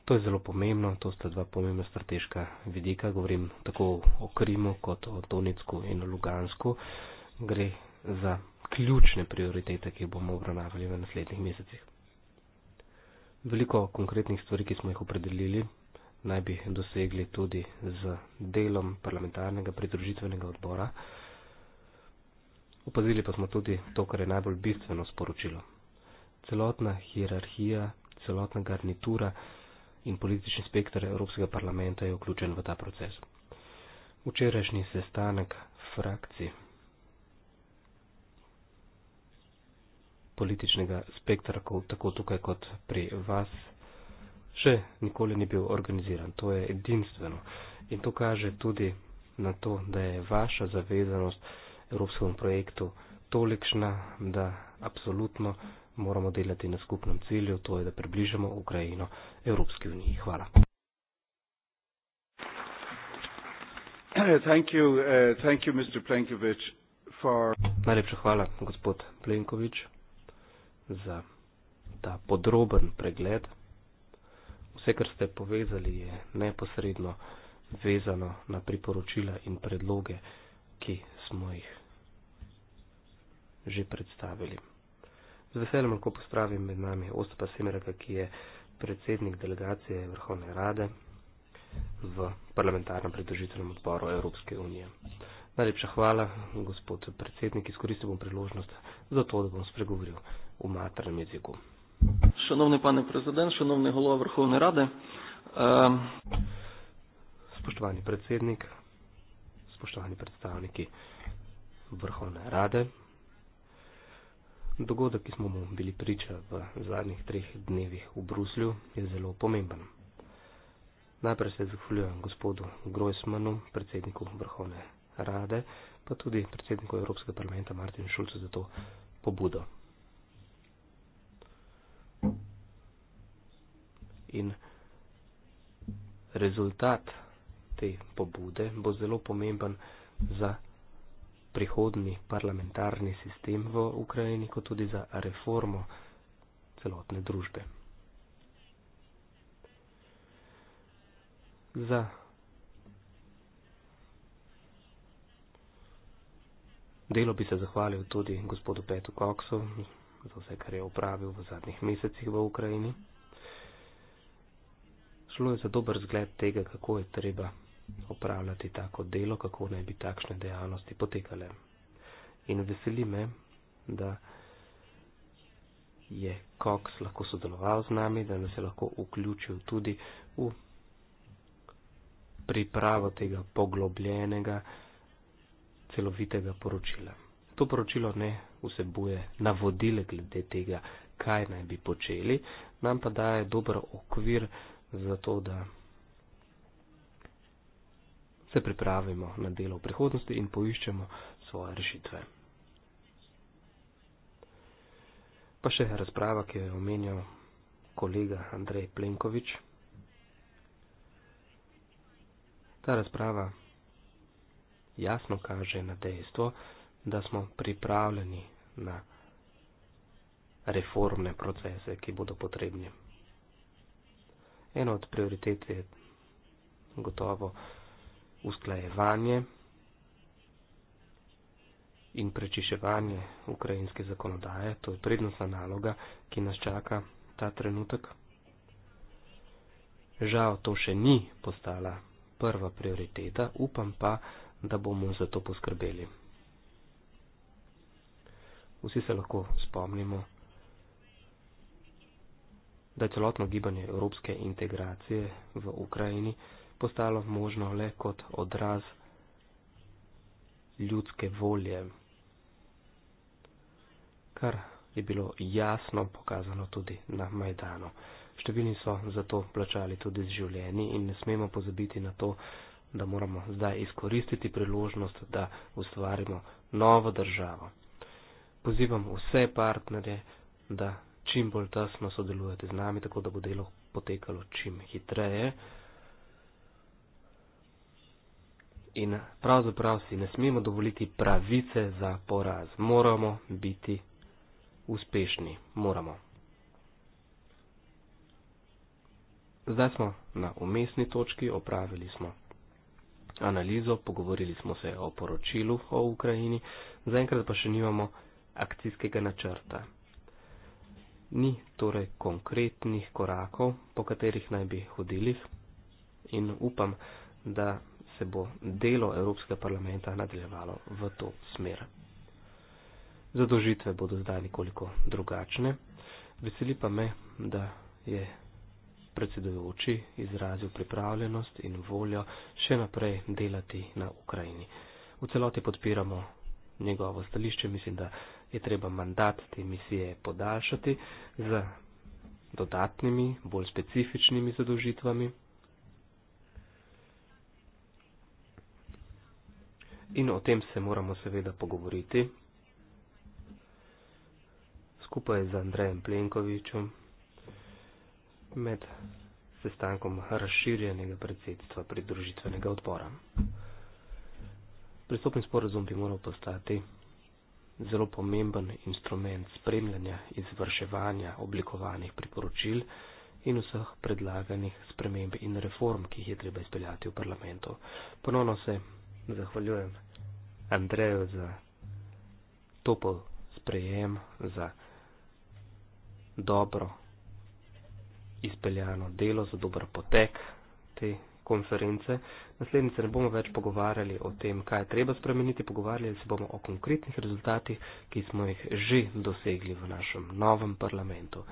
To je zelo pomembno, to sta dva pomembna strateška vidika, govorim tako o Krimu kot o Donetsku in o Lugansku. Gre za ključne prioritete, ki bomo obravnavali v naslednjih mesecih. Veliko konkretnih stvari, ki smo jih opredelili, naj bi dosegli tudi z delom parlamentarnega pridružitvenega odbora. Opazili pa smo tudi to, kar je najbolj bistveno sporočilo. Celotna hierarhija, celotna garnitura in politični spektr Evropskega parlamenta je vključen v ta proces. Včerajšnji sestanek frakcij političnega spektra, tako tukaj kot pri vas, še nikoli ni bil organiziran. To je edinstveno. In to kaže tudi na to, da je vaša zavezanost evropskemu projektu tolikšna, da absolutno moramo delati na skupnem cilju, to je, da približamo Ukrajino Evropski uniji. Hvala. Eh, thank you, uh, thank you, Mr. Plenković, for... Najlepša hvala, gospod Plenković, za ta podroben pregled vse, kar ste povezali, je neposredno vezano na priporočila in predloge, ki smo jih že predstavili. Z veseljem lahko pozdravim med nami Ostapa Semeraka, ki je predsednik delegacije Vrhovne rade v parlamentarnem predložitvenem odboru Evropske unije. Najlepša hvala, gospod predsednik, izkoristil bom priložnost za to, da bom spregovoril v materem jeziku. Шановний пане президент, шановний голова Верховної Ради. Е... Споштувані председник, споштувані представники Верховної Ради. Догодок, який ми були прича в останніх трьох днях у Бруслю, є зело помимбан. Найперед се захвалюємо господу Гройсману, председнику Верховної Ради, па тоді председнику Європейського парламенту Мартину Шульцу за то побудо. In rezultat te pobude bo zelo pomemben za prihodni parlamentarni sistem v Ukrajini, kot tudi za reformo celotne družbe. Za delo bi se zahvalil tudi gospodu Petu Koksu za vse, kar je upravil v zadnjih mesecih v Ukrajini zelo je za dober zgled tega, kako je treba opravljati tako delo, kako naj bi takšne dejavnosti potekale. In veseli me, da je Cox lahko sodeloval z nami, da nas je lahko vključil tudi v pripravo tega poglobljenega, celovitega poročila. To poročilo ne vsebuje navodile glede tega, kaj naj bi počeli, nam pa daje dober okvir, zato da se pripravimo na delo v prihodnosti in poiščemo svoje rešitve. Pa še razprava, ki jo je omenjal kolega Andrej Plenkovič. Ta razprava jasno kaže na dejstvo, da smo pripravljeni na reformne procese, ki bodo potrebni Ena od prioritet je gotovo usklajevanje in prečiševanje ukrajinske zakonodaje. To je prednostna naloga, ki nas čaka ta trenutek. Žal to še ni postala prva prioriteta, upam pa, da bomo za to poskrbeli. Vsi se lahko spomnimo, da celotno gibanje evropske integracije v Ukrajini postalo možno le kot odraz ljudske volje, kar je bilo jasno pokazano tudi na Majdanu. Številni so zato plačali tudi z življenji in ne smemo pozabiti na to, da moramo zdaj izkoristiti priložnost, da ustvarimo novo državo. Pozivam vse partnerje, da čim bolj tasno sodelujete z nami, tako da bo delo potekalo čim hitreje. In pravzaprav si ne smemo dovoliti pravice za poraz. Moramo biti uspešni. Moramo. Zdaj smo na umestni točki, opravili smo analizo, pogovorili smo se o poročilu o Ukrajini, zaenkrat pa še nimamo akcijskega načrta ni torej konkretnih korakov, po katerih naj bi hodili in upam, da se bo delo Evropskega parlamenta nadaljevalo v to smer. Zadožitve bodo zdaj nekoliko drugačne. Veseli pa me, da je predsedujoči izrazil pripravljenost in voljo še naprej delati na Ukrajini. V celoti podpiramo njegovo stališče, mislim, da je treba mandat te misije podaljšati z dodatnimi, bolj specifičnimi zadožitvami. In o tem se moramo seveda pogovoriti skupaj z Andrejem Plenkovičem med sestankom razširjenega predsedstva pridružitvenega odbora. Pristopni sporazum bi moral postati zelo pomemben instrument spremljanja izvrševanja oblikovanih priporočil in vseh predlaganih sprememb in reform, ki jih je treba izpeljati v parlamentu. Ponovno se zahvaljujem Andreju za topel sprejem, za dobro izpeljano delo, za dober potek te konference. Naslednjič se ne bomo več pogovarjali o tem, kaj je treba spremeniti, pogovarjali se bomo o konkretnih rezultatih, ki smo jih že dosegli v našem novem parlamentu.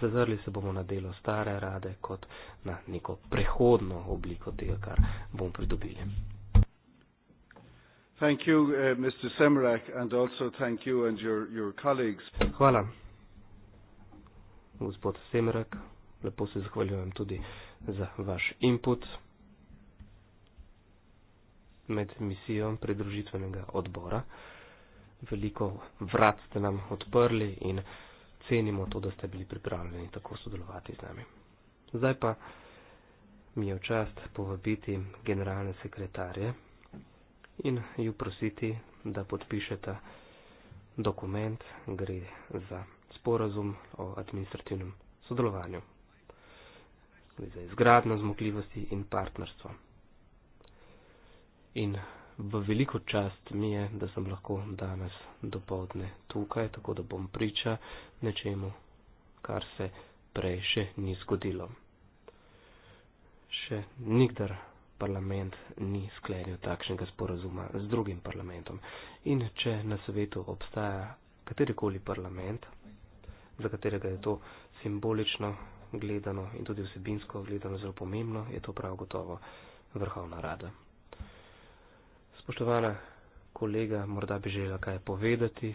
Zazrli se bomo na delo stare rade kot na neko prehodno obliko tega, kar bomo pridobili. You, uh, Semrak, you your, your Hvala, gospod Semrak. Lepo se zahvaljujem tudi za vaš input med misijo pridružitvenega odbora. Veliko vrat ste nam odprli in cenimo to, da ste bili pripravljeni tako sodelovati z nami. Zdaj pa mi je v čast povabiti generalne sekretarje in ju prositi, da podpišeta dokument, gre za sporazum o administrativnem sodelovanju, gre za izgradno zmogljivosti in partnerstvo in v veliko čast mi je, da sem lahko danes dopoldne tukaj, tako da bom priča nečemu, kar se prej še ni zgodilo. Še nikdar parlament ni sklenil takšnega sporazuma z drugim parlamentom. In če na svetu obstaja katerikoli parlament, za katerega je to simbolično gledano in tudi vsebinsko gledano zelo pomembno, je to prav gotovo vrhovna rada. Spoštovana kolega, morda bi želela kaj povedati.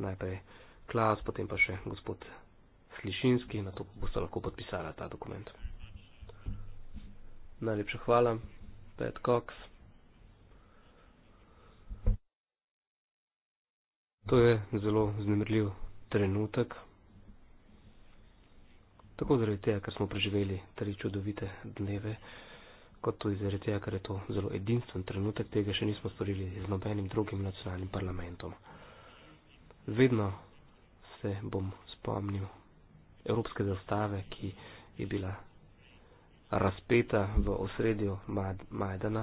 Najprej Klaus, potem pa še gospod Slišinski, na to boste lahko podpisala ta dokument. Najlepša hvala, Pet Cox. To je zelo znemrljiv trenutek. Tako zaradi tega, ker smo preživeli tri čudovite dneve kot tudi zaradi tega, ker je to zelo edinstven trenutek, tega še nismo storili z nobenim drugim nacionalnim parlamentom. Vedno se bom spomnil evropske zastave, ki je bila razpeta v osredju Majdana.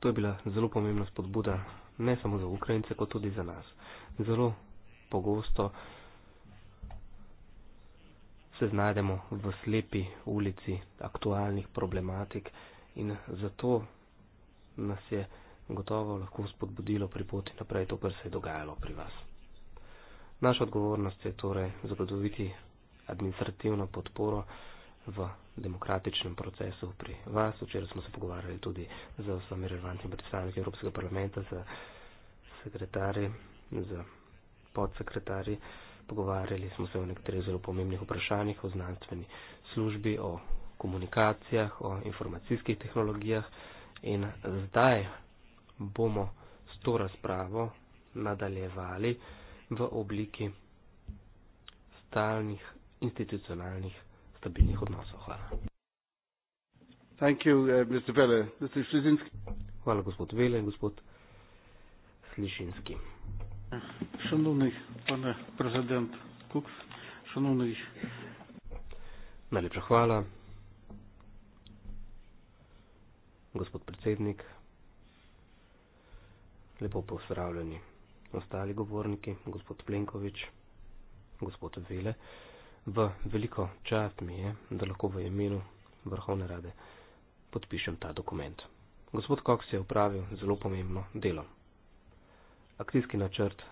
To je bila zelo pomembna spodbuda ne samo za Ukrajince, kot tudi za nas. Zelo pogosto se znajdemo v slepi ulici aktualnih problematik in zato nas je gotovo lahko spodbudilo pri poti naprej to, kar se je dogajalo pri vas. Naša odgovornost je torej zagotoviti administrativno podporo v demokratičnem procesu pri vas. Včeraj smo se pogovarjali tudi z vsemi relevantnimi predstavniki Evropskega parlamenta, z sekretarji, z podsekretarji. Pogovarjali smo se o nekaterih zelo pomembnih vprašanjih, o znanstveni službi, o komunikacijah, o informacijskih tehnologijah in zdaj bomo s to razpravo nadaljevali v obliki stalnih institucionalnih stabilnih odnosov. Hvala. Thank you, uh, Mr. Vele. Mr. Hvala, gospod Vele, gospod Slišinski. Шановний пане президент Кукс, шановний. Найлепша хвала. Gospod predsednik, lepo pozdravljeni ostali govorniki, gospod Plenkovič, gospod Vele. V veliko čast mi je, da lahko v imenu Vrhovne rade podpišem ta dokument. Gospod Koks je upravil zelo pomembno delo akcijski načrt,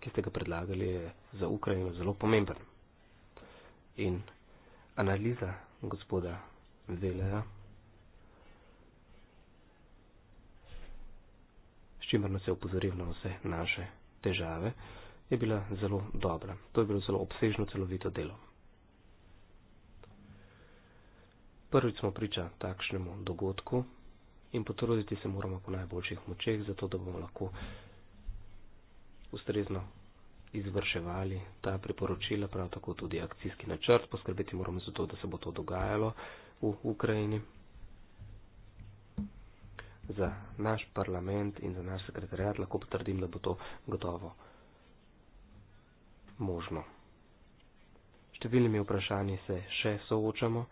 ki ste ga predlagali, je za Ukrajino zelo pomemben. In analiza gospoda Zeleja, s čimer nas je upozoril na vse naše težave, je bila zelo dobra. To je bilo zelo obsežno, celovito delo. Prvič smo priča takšnemu dogodku in potruditi se moramo po najboljših močeh, zato da bomo lahko ustrezno izvrševali ta priporočila, prav tako tudi akcijski načrt, poskrbeti moramo za to, da se bo to dogajalo v Ukrajini. Za naš parlament in za naš sekretarjat lahko potrdim, da bo to gotovo možno. Številnimi vprašanji se še soočamo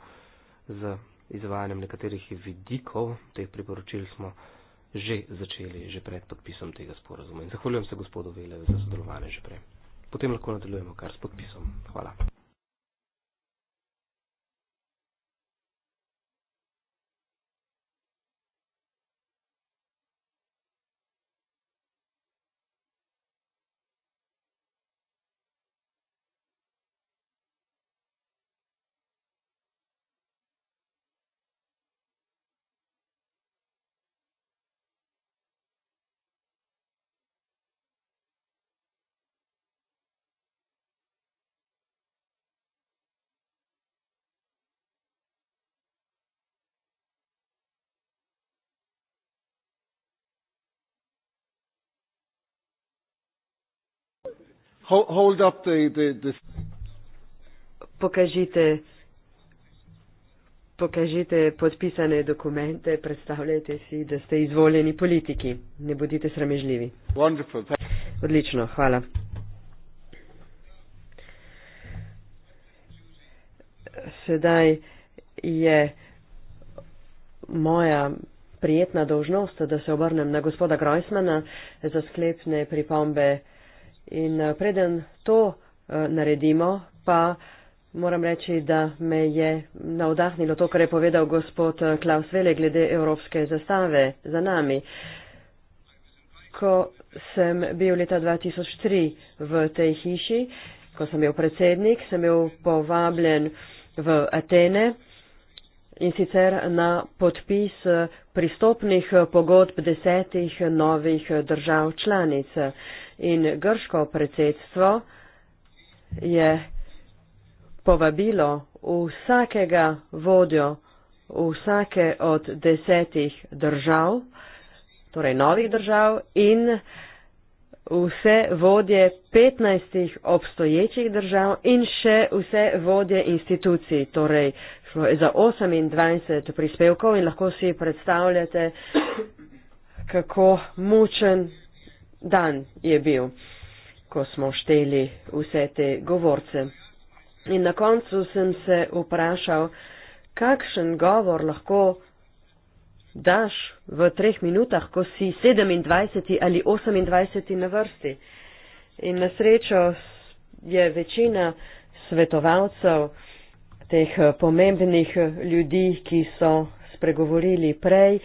z izvajanjem nekaterih vidikov, teh priporočil smo že začeli, že pred podpisom tega sporozuma. In zahvaljujem se gospodu Velevi za sodelovanje že prej. Potem lahko nadaljujemo kar s podpisom. Hvala. Hold up the, the, the... Pokažite, pokažite podpisane dokumente, predstavljajte si, da ste izvoljeni politiki. Ne bodite sramežljivi. Odlično, hvala. Sedaj je moja prijetna dožnost, da se obrnem na gospoda Grojsmana za sklepne pripombe. In eh, preden to eh, naredimo, pa moram reči, da me je navdahnilo to, kar je povedal gospod eh, Klaus Vele glede evropske zastave za nami. Ko sem bil leta 2003 v tej hiši, ko sem bil predsednik, sem bil povabljen v Atene in sicer na podpis pristopnih pogodb desetih novih držav članic in grško predsedstvo je povabilo vsakega vodjo vsake od desetih držav, torej novih držav in vse vodje 15 obstoječih držav in še vse vodje institucij, torej za 28 prispevkov in lahko si predstavljate, kako mučen dan je bil, ko smo šteli vse te govorce. In na koncu sem se vprašal, kakšen govor lahko daš v treh minutah, ko si 27 ali 28 na vrsti. In na srečo je večina svetovalcev teh pomembnih ljudi, ki so spregovorili prej, uh,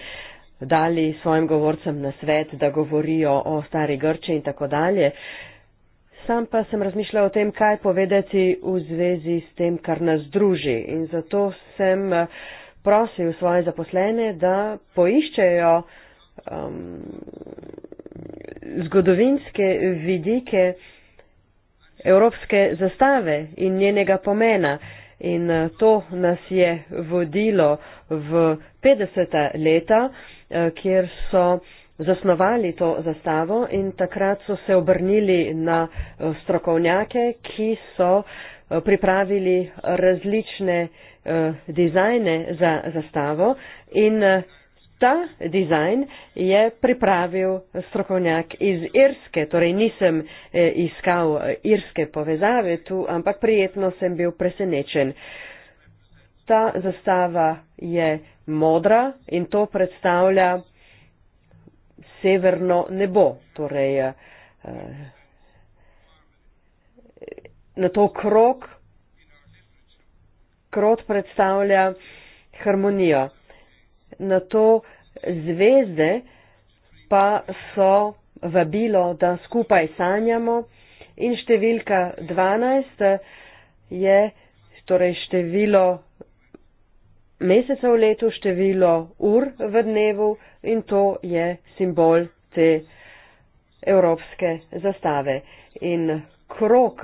dali svojim govorcem na svet, da govorijo o stari Grče in tako dalje. Sam pa sem razmišljal o tem, kaj povedati v zvezi s tem, kar nas druži. In zato sem eh, prosil svoje zaposlene, da poiščejo um, zgodovinske vidike evropske zastave in njenega pomena. In eh, to nas je vodilo v 50. leta. Eh, kjer so zasnovali to zastavo in takrat so se obrnili na eh, strokovnjake, ki so eh, pripravili različne dizajne za zastavo in ta dizajn je pripravil strokovnjak iz Irske, torej nisem iskal irske povezave tu, ampak prijetno sem bil presenečen ta zastava je modra in to predstavlja severno nebo, torej eh, na to krok, krok predstavlja harmonijo, na to zvezde pa so vabilo, da skupaj sanjamo in številka 12 eh, je torej število meseca v letu, število ur v dnevu in to je simbol te evropske zastave. In krok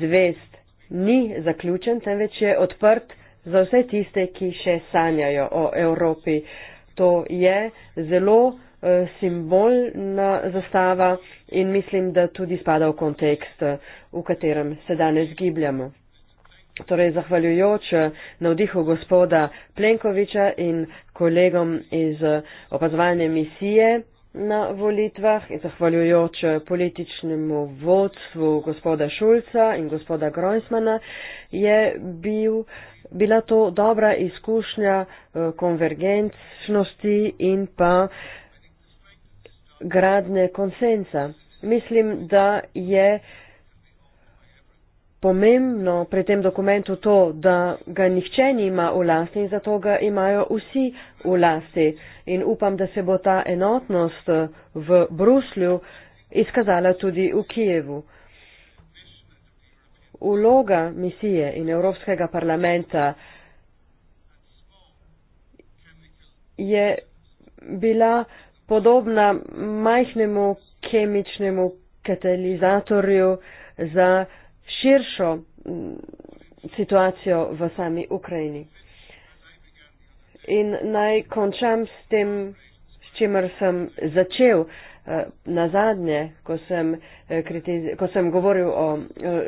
zvest ni zaključen, temveč je odprt za vse tiste, ki še sanjajo o Evropi. To je zelo eh, simbolna zastava in mislim, da tudi spada v kontekst, v katerem se danes gibljamo torej zahvaljujoč eh, navdihu gospoda Plenkoviča in kolegom iz eh, opazovalne misije na volitvah in zahvaljujoč eh, političnemu vodstvu gospoda Šulca in gospoda Grojsmana je bil, bila to dobra izkušnja konvergenčnosti in pa gradne konsensa. Mislim, da je pomembno pri tem dokumentu to, da ga nihče nima v lasti in zato ga imajo vsi v lasti. In upam, da se bo ta enotnost eh, v Bruslju izkazala tudi v Kijevu. Uloga misije in Evropskega parlamenta je bila podobna majhnemu kemičnemu katalizatorju za širšo mm, situacijo v sami Ukrajini. In naj končam s tem, s čimer sem začel eh, na zadnje, ko sem, eh, kritiz, ko sem govoril o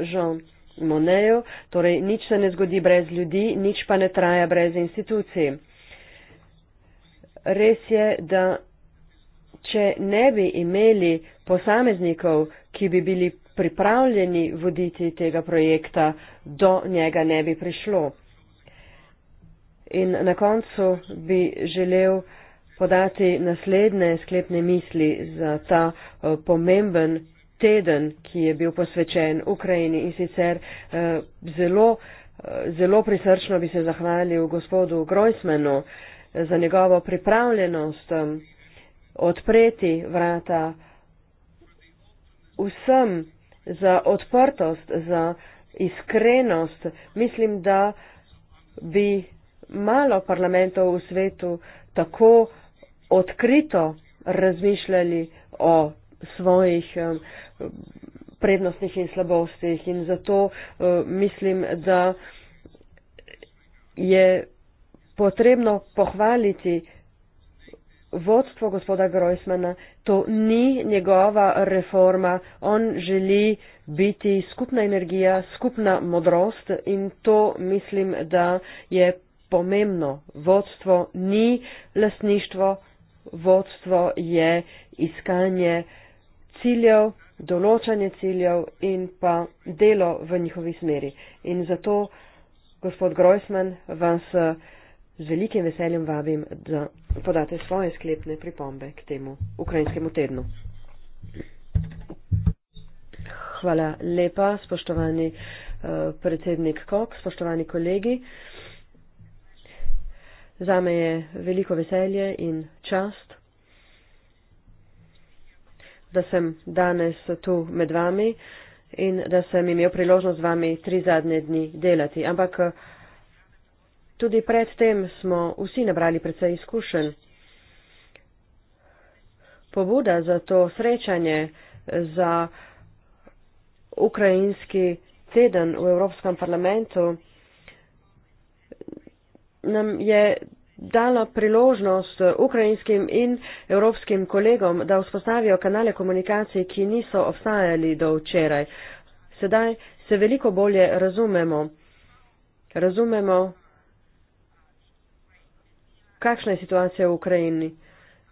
Jean Monetu, torej nič se ne zgodi brez ljudi, nič pa ne traja brez institucij. Res je, da če ne bi imeli posameznikov, ki bi bili pripravljeni voditi tega projekta, do njega ne bi prišlo. In na koncu bi želel podati naslednje sklepne misli za ta eh, pomemben teden, ki je bil posvečen Ukrajini in sicer eh, zelo, eh, zelo prisrčno bi se zahvalil gospodu Grojsmenu za njegovo pripravljenost odpreti vrata vsem za odprtost, za iskrenost. Mislim, da bi malo parlamentov v svetu tako odkrito razmišljali o svojih um, prednostnih in slabostih in zato uh, mislim, da je potrebno pohvaliti vodstvo gospoda Grojsmana, to ni njegova reforma, on želi biti skupna energija, skupna modrost in to mislim, da je pomembno. Vodstvo ni lasništvo, vodstvo je iskanje ciljev, določanje ciljev in pa delo v njihovi smeri. In zato, gospod Grojsman, vas z velikim veseljem vabim, da podate svoje sklepne pripombe k temu ukrajinskemu tednu. Hvala lepa, spoštovani eh, predsednik Kok, spoštovani kolegi. Za me je veliko veselje in čast, da sem danes tu med vami in da sem imel priložnost z vami tri zadnje dni delati. Ampak Tudi predtem smo vsi nabrali predvsej izkušen. Pobuda za to srečanje za ukrajinski teden v Evropskem parlamentu nam je dala priložnost ukrajinskim in evropskim kolegom, da vzpostavijo kanale komunikacij, ki niso obstajali do včeraj. Sedaj se veliko bolje razumemo. Razumemo kakšna je situacija v Ukrajini.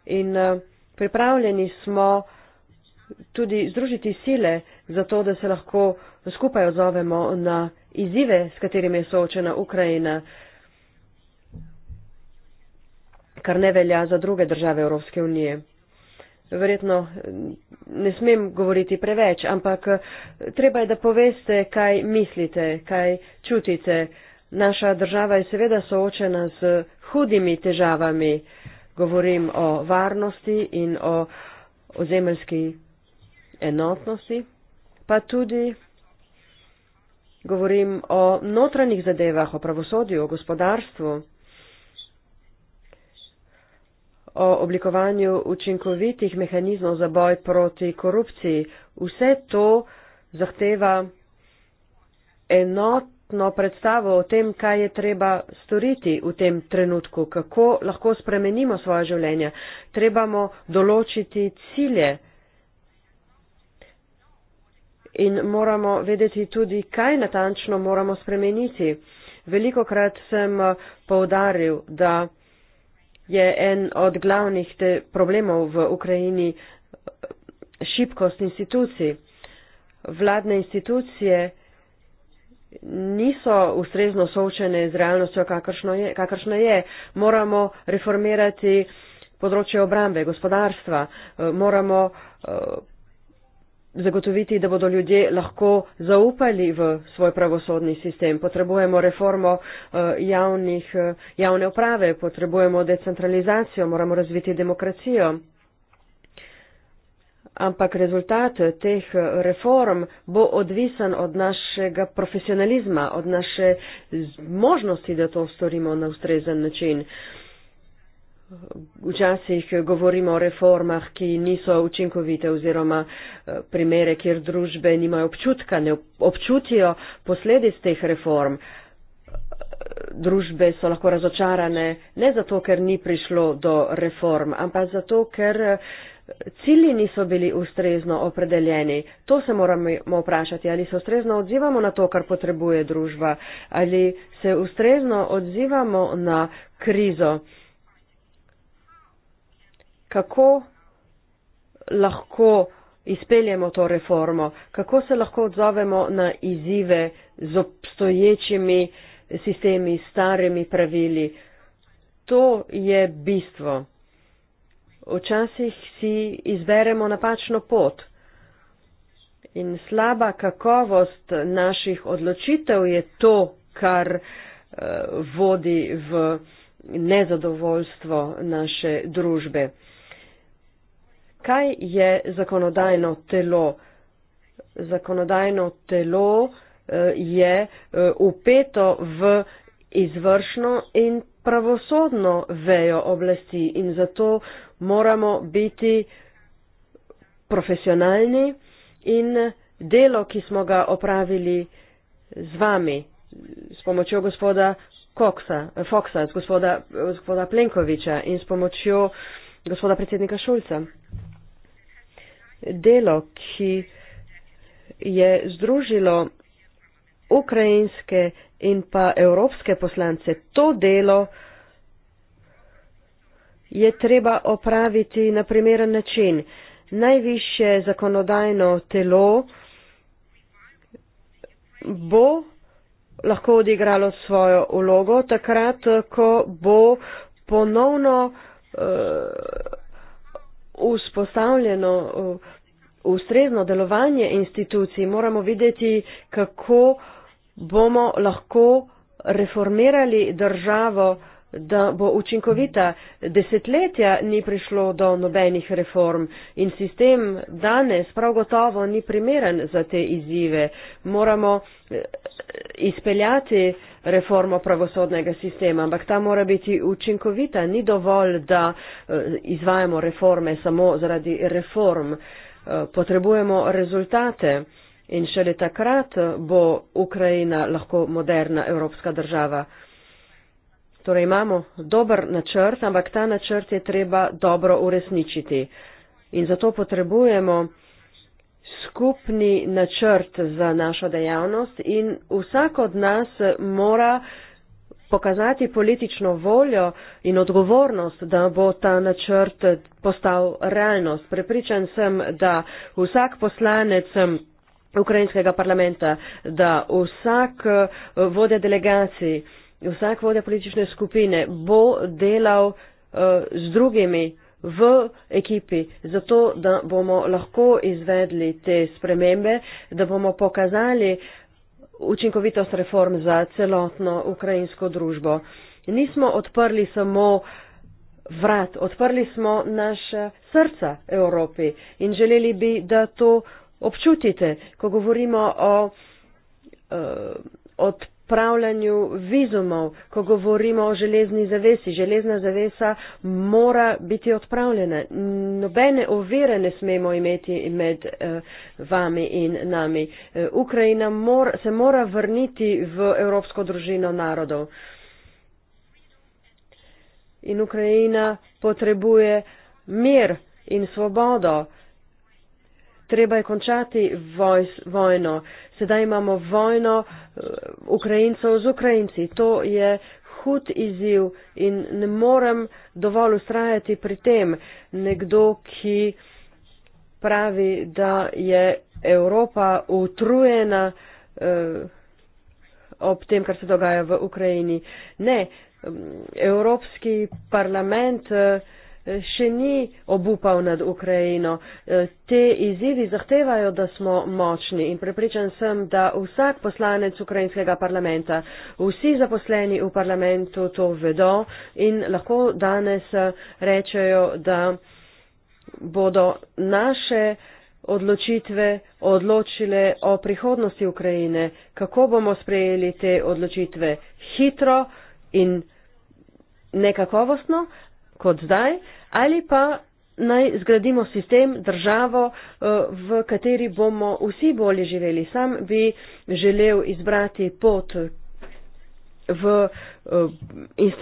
In uh, pripravljeni smo tudi združiti sile za to, da se lahko skupaj odzovemo na izzive, s katerimi je soočena Ukrajina, kar ne velja za druge države Evropske unije. Verjetno eh, ne smem govoriti preveč, ampak eh, treba je, da poveste, kaj mislite, kaj čutite. Uh, Naša država je seveda soočena z hudimi težavami, govorim o varnosti in o ozemeljski enotnosti, pa tudi govorim o notranjih zadevah, o pravosodju, o gospodarstvu, o oblikovanju učinkovitih mehanizmov za boj proti korupciji. Vse to zahteva enot celotno predstavo o tem, kaj je treba storiti v tem trenutku, kako lahko spremenimo svoje življenje. Trebamo določiti cilje in moramo vedeti tudi, kaj natančno moramo spremeniti. Veliko krat sem eh, povdaril, da je en od glavnih problemov v Ukrajini eh, šibkost institucij. Vladne institucije niso ustrezno soočene z realnostjo, kakršna je, kakršna je. Moramo reformirati področje obrambe, gospodarstva, eh, moramo eh, zagotoviti, da bodo ljudje lahko zaupali v svoj pravosodni sistem. Potrebujemo reformo eh, javnih, javne uprave, potrebujemo decentralizacijo, moramo razviti demokracijo ampak rezultat eh, teh eh, reform bo odvisen od našega profesionalizma, od naše možnosti, da to storimo na ustrezen način. Včasih govorimo o reformah, ki niso učinkovite oziroma eh, primere, kjer družbe nimajo občutka, ne občutijo posledic teh reform. Družbe so lahko razočarane ne zato, ker ni prišlo do reform, ampak zato, ker cilji niso bili ustrezno opredeljeni. To se moramo vprašati, ali se ustrezno odzivamo na to, kar potrebuje družba, ali se ustrezno odzivamo na krizo. Kako lahko izpeljemo to reformo, kako se lahko odzovemo na izzive z obstoječimi sistemi, starimi pravili. To je bistvo. Včasih si izberemo napačno pot in slaba kakovost naših odločitev je to, kar eh, vodi v nezadovoljstvo naše družbe. Kaj je zakonodajno telo? Zakonodajno telo eh, je eh, upeto v izvršno in pravosodno vejo oblasti in zato moramo biti profesionalni in delo, ki smo ga opravili z vami, s pomočjo gospoda Koksa, Foksa, z gospoda, gospoda Plenkoviča in s pomočjo gospoda predsednika Šulca. Delo, ki je združilo ukrajinske in pa evropske poslance, to delo, je treba opraviti na primeren način. Najviše zakonodajno telo bo lahko odigralo svojo ulogo takrat, ko bo ponovno uh, vzpostavljeno uh, ustrezno delovanje institucij. Moramo videti, kako bomo lahko reformirali državo da bo učinkovita. Desetletja ni prišlo do nobenih reform in sistem danes prav gotovo ni primeren za te izzive. Moramo eh, izpeljati reformo pravosodnega sistema, ampak ta mora biti učinkovita. Ni dovolj, da eh, izvajamo reforme samo zaradi reform. Eh, potrebujemo rezultate. In šele takrat bo Ukrajina lahko moderna evropska država. Torej imamo dober načrt, ampak ta načrt je treba dobro uresničiti. In zato potrebujemo skupni načrt za našo dejavnost in vsak od nas mora pokazati politično voljo in odgovornost, da bo ta načrt postal realnost. Prepričan sem, da vsak poslanec um, ukrajinskega parlamenta, da vsak uh, vodja delegacij, vsak vodja politične skupine bo delal uh, z drugimi v ekipi, zato da bomo lahko izvedli te spremembe, da bomo pokazali učinkovitost reform za celotno ukrajinsko družbo. Nismo odprli samo vrat, odprli smo naša srca Evropi in želeli bi, da to občutite, ko govorimo o uh, eh, odprtosti upravljanju vizumov, ko govorimo o železni zavesi. Železna zavesa mora biti odpravljena. Nobene ovire ne smemo imeti med eh, vami in nami. Eh, Ukrajina mor, se mora vrniti v Evropsko družino narodov. In Ukrajina potrebuje mir in svobodo treba je končati voj, vojno. Sedaj imamo vojno eh, Ukrajincev z Ukrajinci. To je hud izziv in ne morem dovolj ustrajati pri tem. Nekdo, ki pravi, da je Evropa utrujena eh, ob tem, kar se dogaja v Ukrajini. Ne, mm, Evropski parlament. Eh, Eh, še ni obupal nad Ukrajino. Eh, te izzivi zahtevajo, da smo močni in prepričan sem, da vsak poslanec ukrajinskega parlamenta, vsi zaposleni v parlamentu to vedo in lahko danes eh, rečejo, da bodo naše odločitve odločile o prihodnosti Ukrajine, kako bomo sprejeli te odločitve hitro in nekakovostno kot zdaj, ali pa naj zgradimo sistem, državo, eh, v kateri bomo vsi bolje živeli. Sam bi želel izbrati pot, eh, v, eh,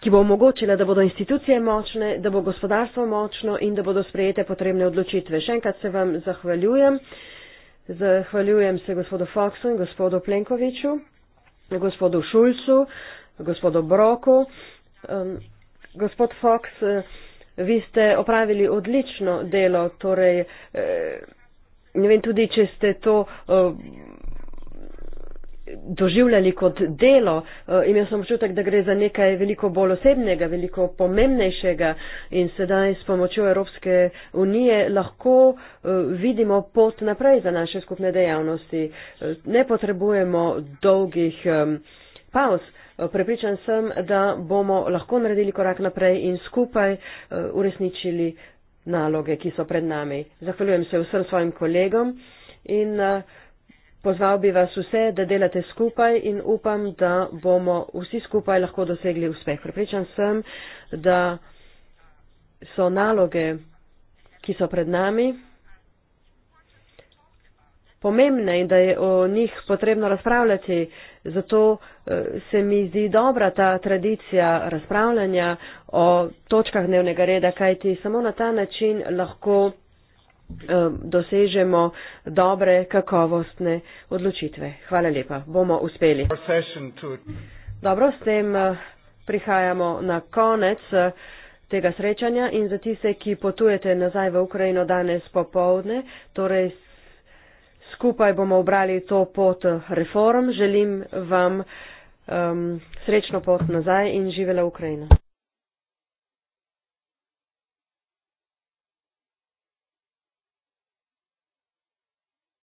ki bo omogočila, da bodo institucije močne, da bo gospodarstvo močno in da bodo sprejete potrebne odločitve. Še enkrat se vam zahvaljujem. Zahvaljujem se gospodu Foxu in gospodu Plenkoviču, gospodu Šulcu, gospodu Broku. Um, gospod Fox, eh, vi ste opravili odlično delo, torej eh, ne vem tudi, če ste to eh, doživljali kot delo. Imel sem občutek, da gre za nekaj veliko bolj osebnega, veliko pomembnejšega in sedaj s pomočjo Evropske unije lahko vidimo pot naprej za naše skupne dejavnosti. Ne potrebujemo dolgih pauz. Prepričan sem, da bomo lahko naredili korak naprej in skupaj eh, uresničili naloge, ki so pred nami. Zahvaljujem se vsem svojim kolegom in eh, pozval bi vas vse, da delate skupaj in upam, da bomo vsi skupaj lahko dosegli uspeh. Prepričan sem, da so naloge, ki so pred nami, pomembne in da je o njih potrebno razpravljati. Zato eh, se mi zdi dobra ta tradicija razpravljanja o točkah dnevnega reda, kajti samo na ta način lahko eh, dosežemo dobre, kakovostne odločitve. Hvala lepa, bomo uspeli. Dobro, s tem eh, prihajamo na konec tega srečanja in za tiste, ki potujete nazaj v Ukrajino danes popovdne, torej s skupaj bomo obrali to pot reform. Želim vam um, srečno pot nazaj in živela Ukrajina.